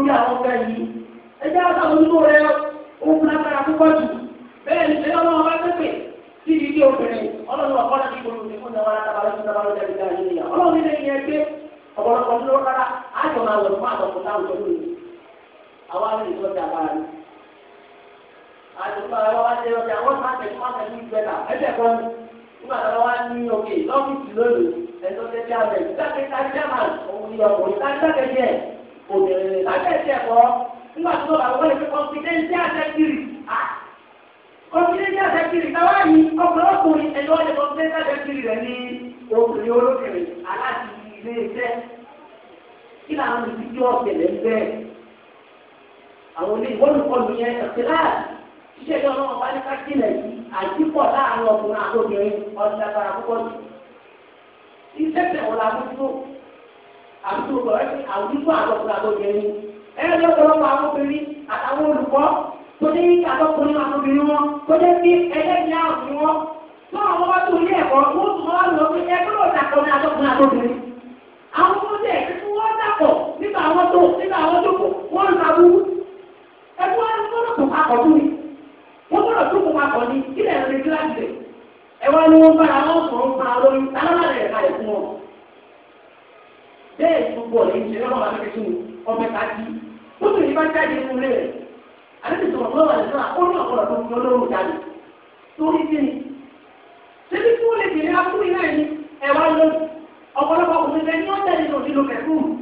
bí àwọn ọ̀gá yìí ẹjẹ́ àtàwọn onímọ̀ rẹ òun lágbára púpọ̀ jù bẹ́ẹ̀ ni ẹjọ́ náà wá pépè sí ibi obìnrin ọlọ́run ọ̀kọ́ náà ní gbogbo ní fún dáwọ́ látàbà lọ́sùn dáwọ́ lọ́jà ìgbà yìí nìyà ọlọ́run nílé yẹn gbé ọ̀pọ̀lọpọ̀ ní lọ́wọ́ rárá àjọ máa wọ̀ fún àtọ̀kùn táwọn tó lóye àwọn àmì ìtọ́jà bára ni àdùnnú àwọn wá dé ọjà wọ́n máa tẹ̀sí máa tẹ̀sí ìgbẹ́ta ẹ̀jẹ̀ kan nígbà tó wá ní òkè lọ́fíìsì lónìí ẹ̀tọ́ tẹ̀sí àbẹ̀ obìnrin lábẹ́ ẹ̀sẹ̀ ẹ̀kọ́ nígbà tó lọ́wọ́ àwọn ẹ̀fẹ́ kọ́ńfidẹ́ńtì àtẹ́kìrì kọ́ńfidẹ́ńtì àtẹ́kìrì táwa ní ọkùnrin ọkùnrin ẹ̀dọ́ ọ̀dẹ kọ́ńfidẹ́ńtì àtẹ́kìrì rẹ̀ ní obìnrin olókèrè aláàtì ilé iṣẹ́ kí làwọn ìdíjú ọ̀tẹ̀lẹ̀ ń bẹ́ẹ̀ àwọn oní ìwọ́lùkọ́ mi yẹn ẹ̀sìlá iṣẹ́ ìjọ náà wà ní kákìlẹ̀ yìí àdìpọ̀ láàárín ọkùnrin àtòkèrè ọ̀dùnàgbàrà púpọ̀ jù iṣẹ́ tẹ̀wọ̀ làbójútó àbúrò bọ̀ ẹ́ àwùjọ àtọkùnrin àtọkùnrin ẹ̀rọ lọ́pọ̀lọpọ̀ àwọn obìnrin àtàwọn olùkọ́ tó dé ní àtọkùnrin àtọkùnrin wọn tó dé bí ẹlẹ́gbẹ̀ẹ́ àwùjọ wọn tó àwọn ọmọ tó ilé ẹ̀kọ́ wọ́n tún wá lọ pé ẹgbẹ́ wọn dàkọ̀ọ́ni àtọkùnrin àtọkùnrin àwọn ọmọdé ẹ̀kú wọn dàpọ̀ nígbà àwọn tó nígbà àwọn tó kò wọ́n ń tabú ẹ̀kú wọn gbọ́dọ̀ tó papọ̀ tó ni wọ́n gbọ́dọ̀ tó kó papọ̀ ni kí lẹ́yìn rẹ̀ kíláàsì rẹ̀ ẹ̀wọ́n ni wọ́n bára wọn sọ̀rọ̀ pa lórí alámàlẹ̀ ẹ̀ka ẹ̀kú wọn bẹ́ẹ̀ gbogbo ọ̀lẹ́ ń ṣẹlẹ̀ ọmọ àti ẹ̀sùn ọmọ ẹ̀ka jí lóbi ní bá jáde nínú rẹ̀ àti ìṣòro ọmọ ọ̀lẹ́ náà ó ní ọ̀pọ̀lọpọ̀ tó ń fi ọlọ́run jáde torí kí ni ṣébí tí wọ́n lè bèrè akúrin náà ni ẹ̀wá lọ ọ̀pọ̀lọpọ̀ kò ní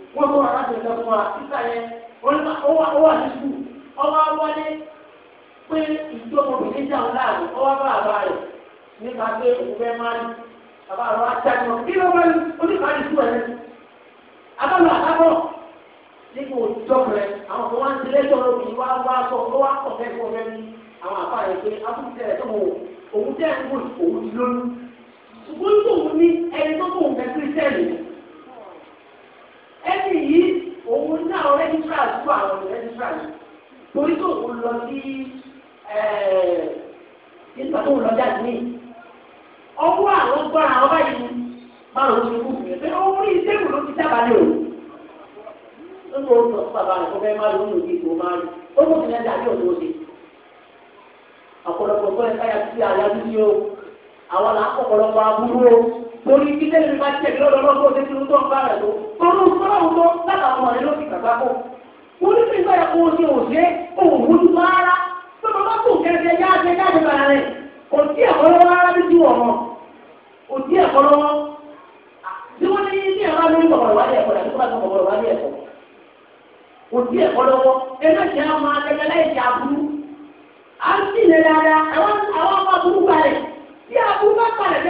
wọ́n mú arábìnrin kan fún wa títà yẹn ó wà ní sùkúù ọwọ́ wọlé pé ìjọmọbìnrin jà ń láàrin ọwọ́ bá àbá rẹ̀ nípa pé òun fẹ́ máa ní bàbá rẹ̀ wá jáde wọn kí ló wọ́n oníkàájú sùn ẹ̀ abọ́lọ́ àbábọ̀ nípa òtítọ́ rẹ̀ àwọn kan wá ń tilẹ̀ tọ́ lóbi wá wá sọ ó wá kọ̀ fẹ́ fún ọ̀rẹ́ ní àwọn àbá rẹ̀ pé abúlé ẹ̀ tó wọ̀ òun tẹ́ ẹ̀ ń wò òun ti lóyún ṣùgbọ́n tó òun ní ẹni tó kọ̀ òun fẹ́ kírísítẹ́ẹ̀lì ẹni yìí òun náà rẹ́jísírà tó àwọn rẹ́jísírà yìí torí tó òun lọ sí nígbà tó òun lọ jáde ní ọwọ́ àwọn gbọ́ra àwọn báyìí ni márùn pé òun rí ti o nígbà òun lọ sí bàbá lóun ó mú dàbí òun ọ̀pọ̀lọpọ̀ fún sí àyájú ní o lórí bí tẹ́lẹ̀ bá tiẹ̀ lọ́dọ̀ lọ́dọ̀ ọdẹ tí wọ́n bá rẹ̀ lọ. Tọ́lú fọlọ́hún tó lára ọmọ rẹ̀ ló fi kàgbá kó. Wọ́n ní bíi báyà kó o ṣe òṣè òun ojú rárá. Tọ́lọ́ bá tún kẹ̀kẹ́ yá ṣe jáde bàrà rẹ̀. Kò tí ẹ̀kọ́ lọ́wọ́ rárá bí ti wọ̀ mọ́. Kò tí ẹ̀kọ́ lọ́wọ́. Bí wọ́n ní ní ẹ̀rọ lórí kọ̀kọ̀rọ̀ wálé ẹ̀kọ́ dàbí kọ́lá kọ̀kọ̀rọ̀ wálé ẹ̀kọ́. Kò tí ẹ̀kọ́ lọ́wọ́. Ẹ má ṣe àwọn akẹ́kẹ́ láì ṣe àbúrú. À ń sì lè dáadáa. Àwọn ọmọ burúkú rẹ̀. Bí àbúrú bá pàdé bí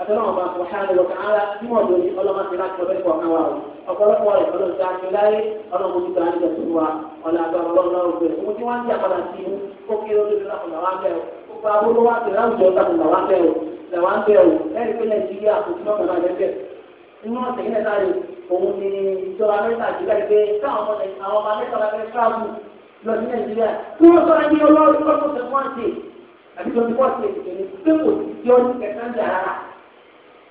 àtọ́nà ọba subhanahu wa ta'ala tí wọ́n lò ní ọlọ́mọ ti láti ọbẹ̀ kọ̀ọ̀kan wa o ọ̀pọ̀lọpọ̀ rẹ̀ ọlọ́run ti àti láyé ọlọ́run ti gbà níjọ fún wa ọ̀là àgbà ọlọ́run náà gbé ohun tí wọ́n ń jà padà sí i ó kéré ó lórí lákùnlá wa bẹ́ẹ̀ o gbogbo agbóhó wa ti láwùjọ lákùnlá wa bẹ́ẹ̀ o làwa ń bẹ́ẹ̀ o ẹ̀rí pé nàìjíríà kò tún ọ̀nà rẹ̀ bẹ́ẹ̀ inú ọ̀sẹ̀ yẹn láre òun ni ìjọba amẹ́ríkà ti láì pé káwọn ọmọ amẹ́ríkà bá fẹ́ tíráàbù lọ sí nàìjíríà tí wọ́n sọ ẹni ọlọ́run lọ́sọ̀ọ̀sẹ̀ fún àti àbí twenty four state kìíní pé kò sí ọdún kẹsàn-án dára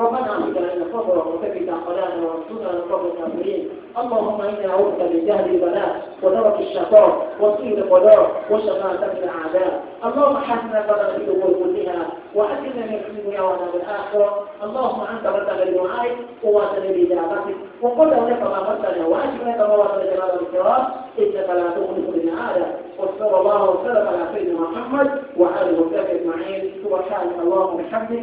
ان صبر وثبت قلانا اللهم انا نعوذ من جهل البلاء ودرك الشقاء وسوء القضاء وشماتة الاعداء اللهم حسنا لنا في الامور كلها واجرنا من في الدنيا وعذاب الاخره اللهم انت رد بدعائك وواصل باجابتك وقل لك ما مثلنا واجبنا كما وصل جلال الكرام انك لا تخلف عادة وصلى الله وسلم على سيدنا محمد وعلى اله وصحبه اجمعين سبحانك اللهم وبحمدك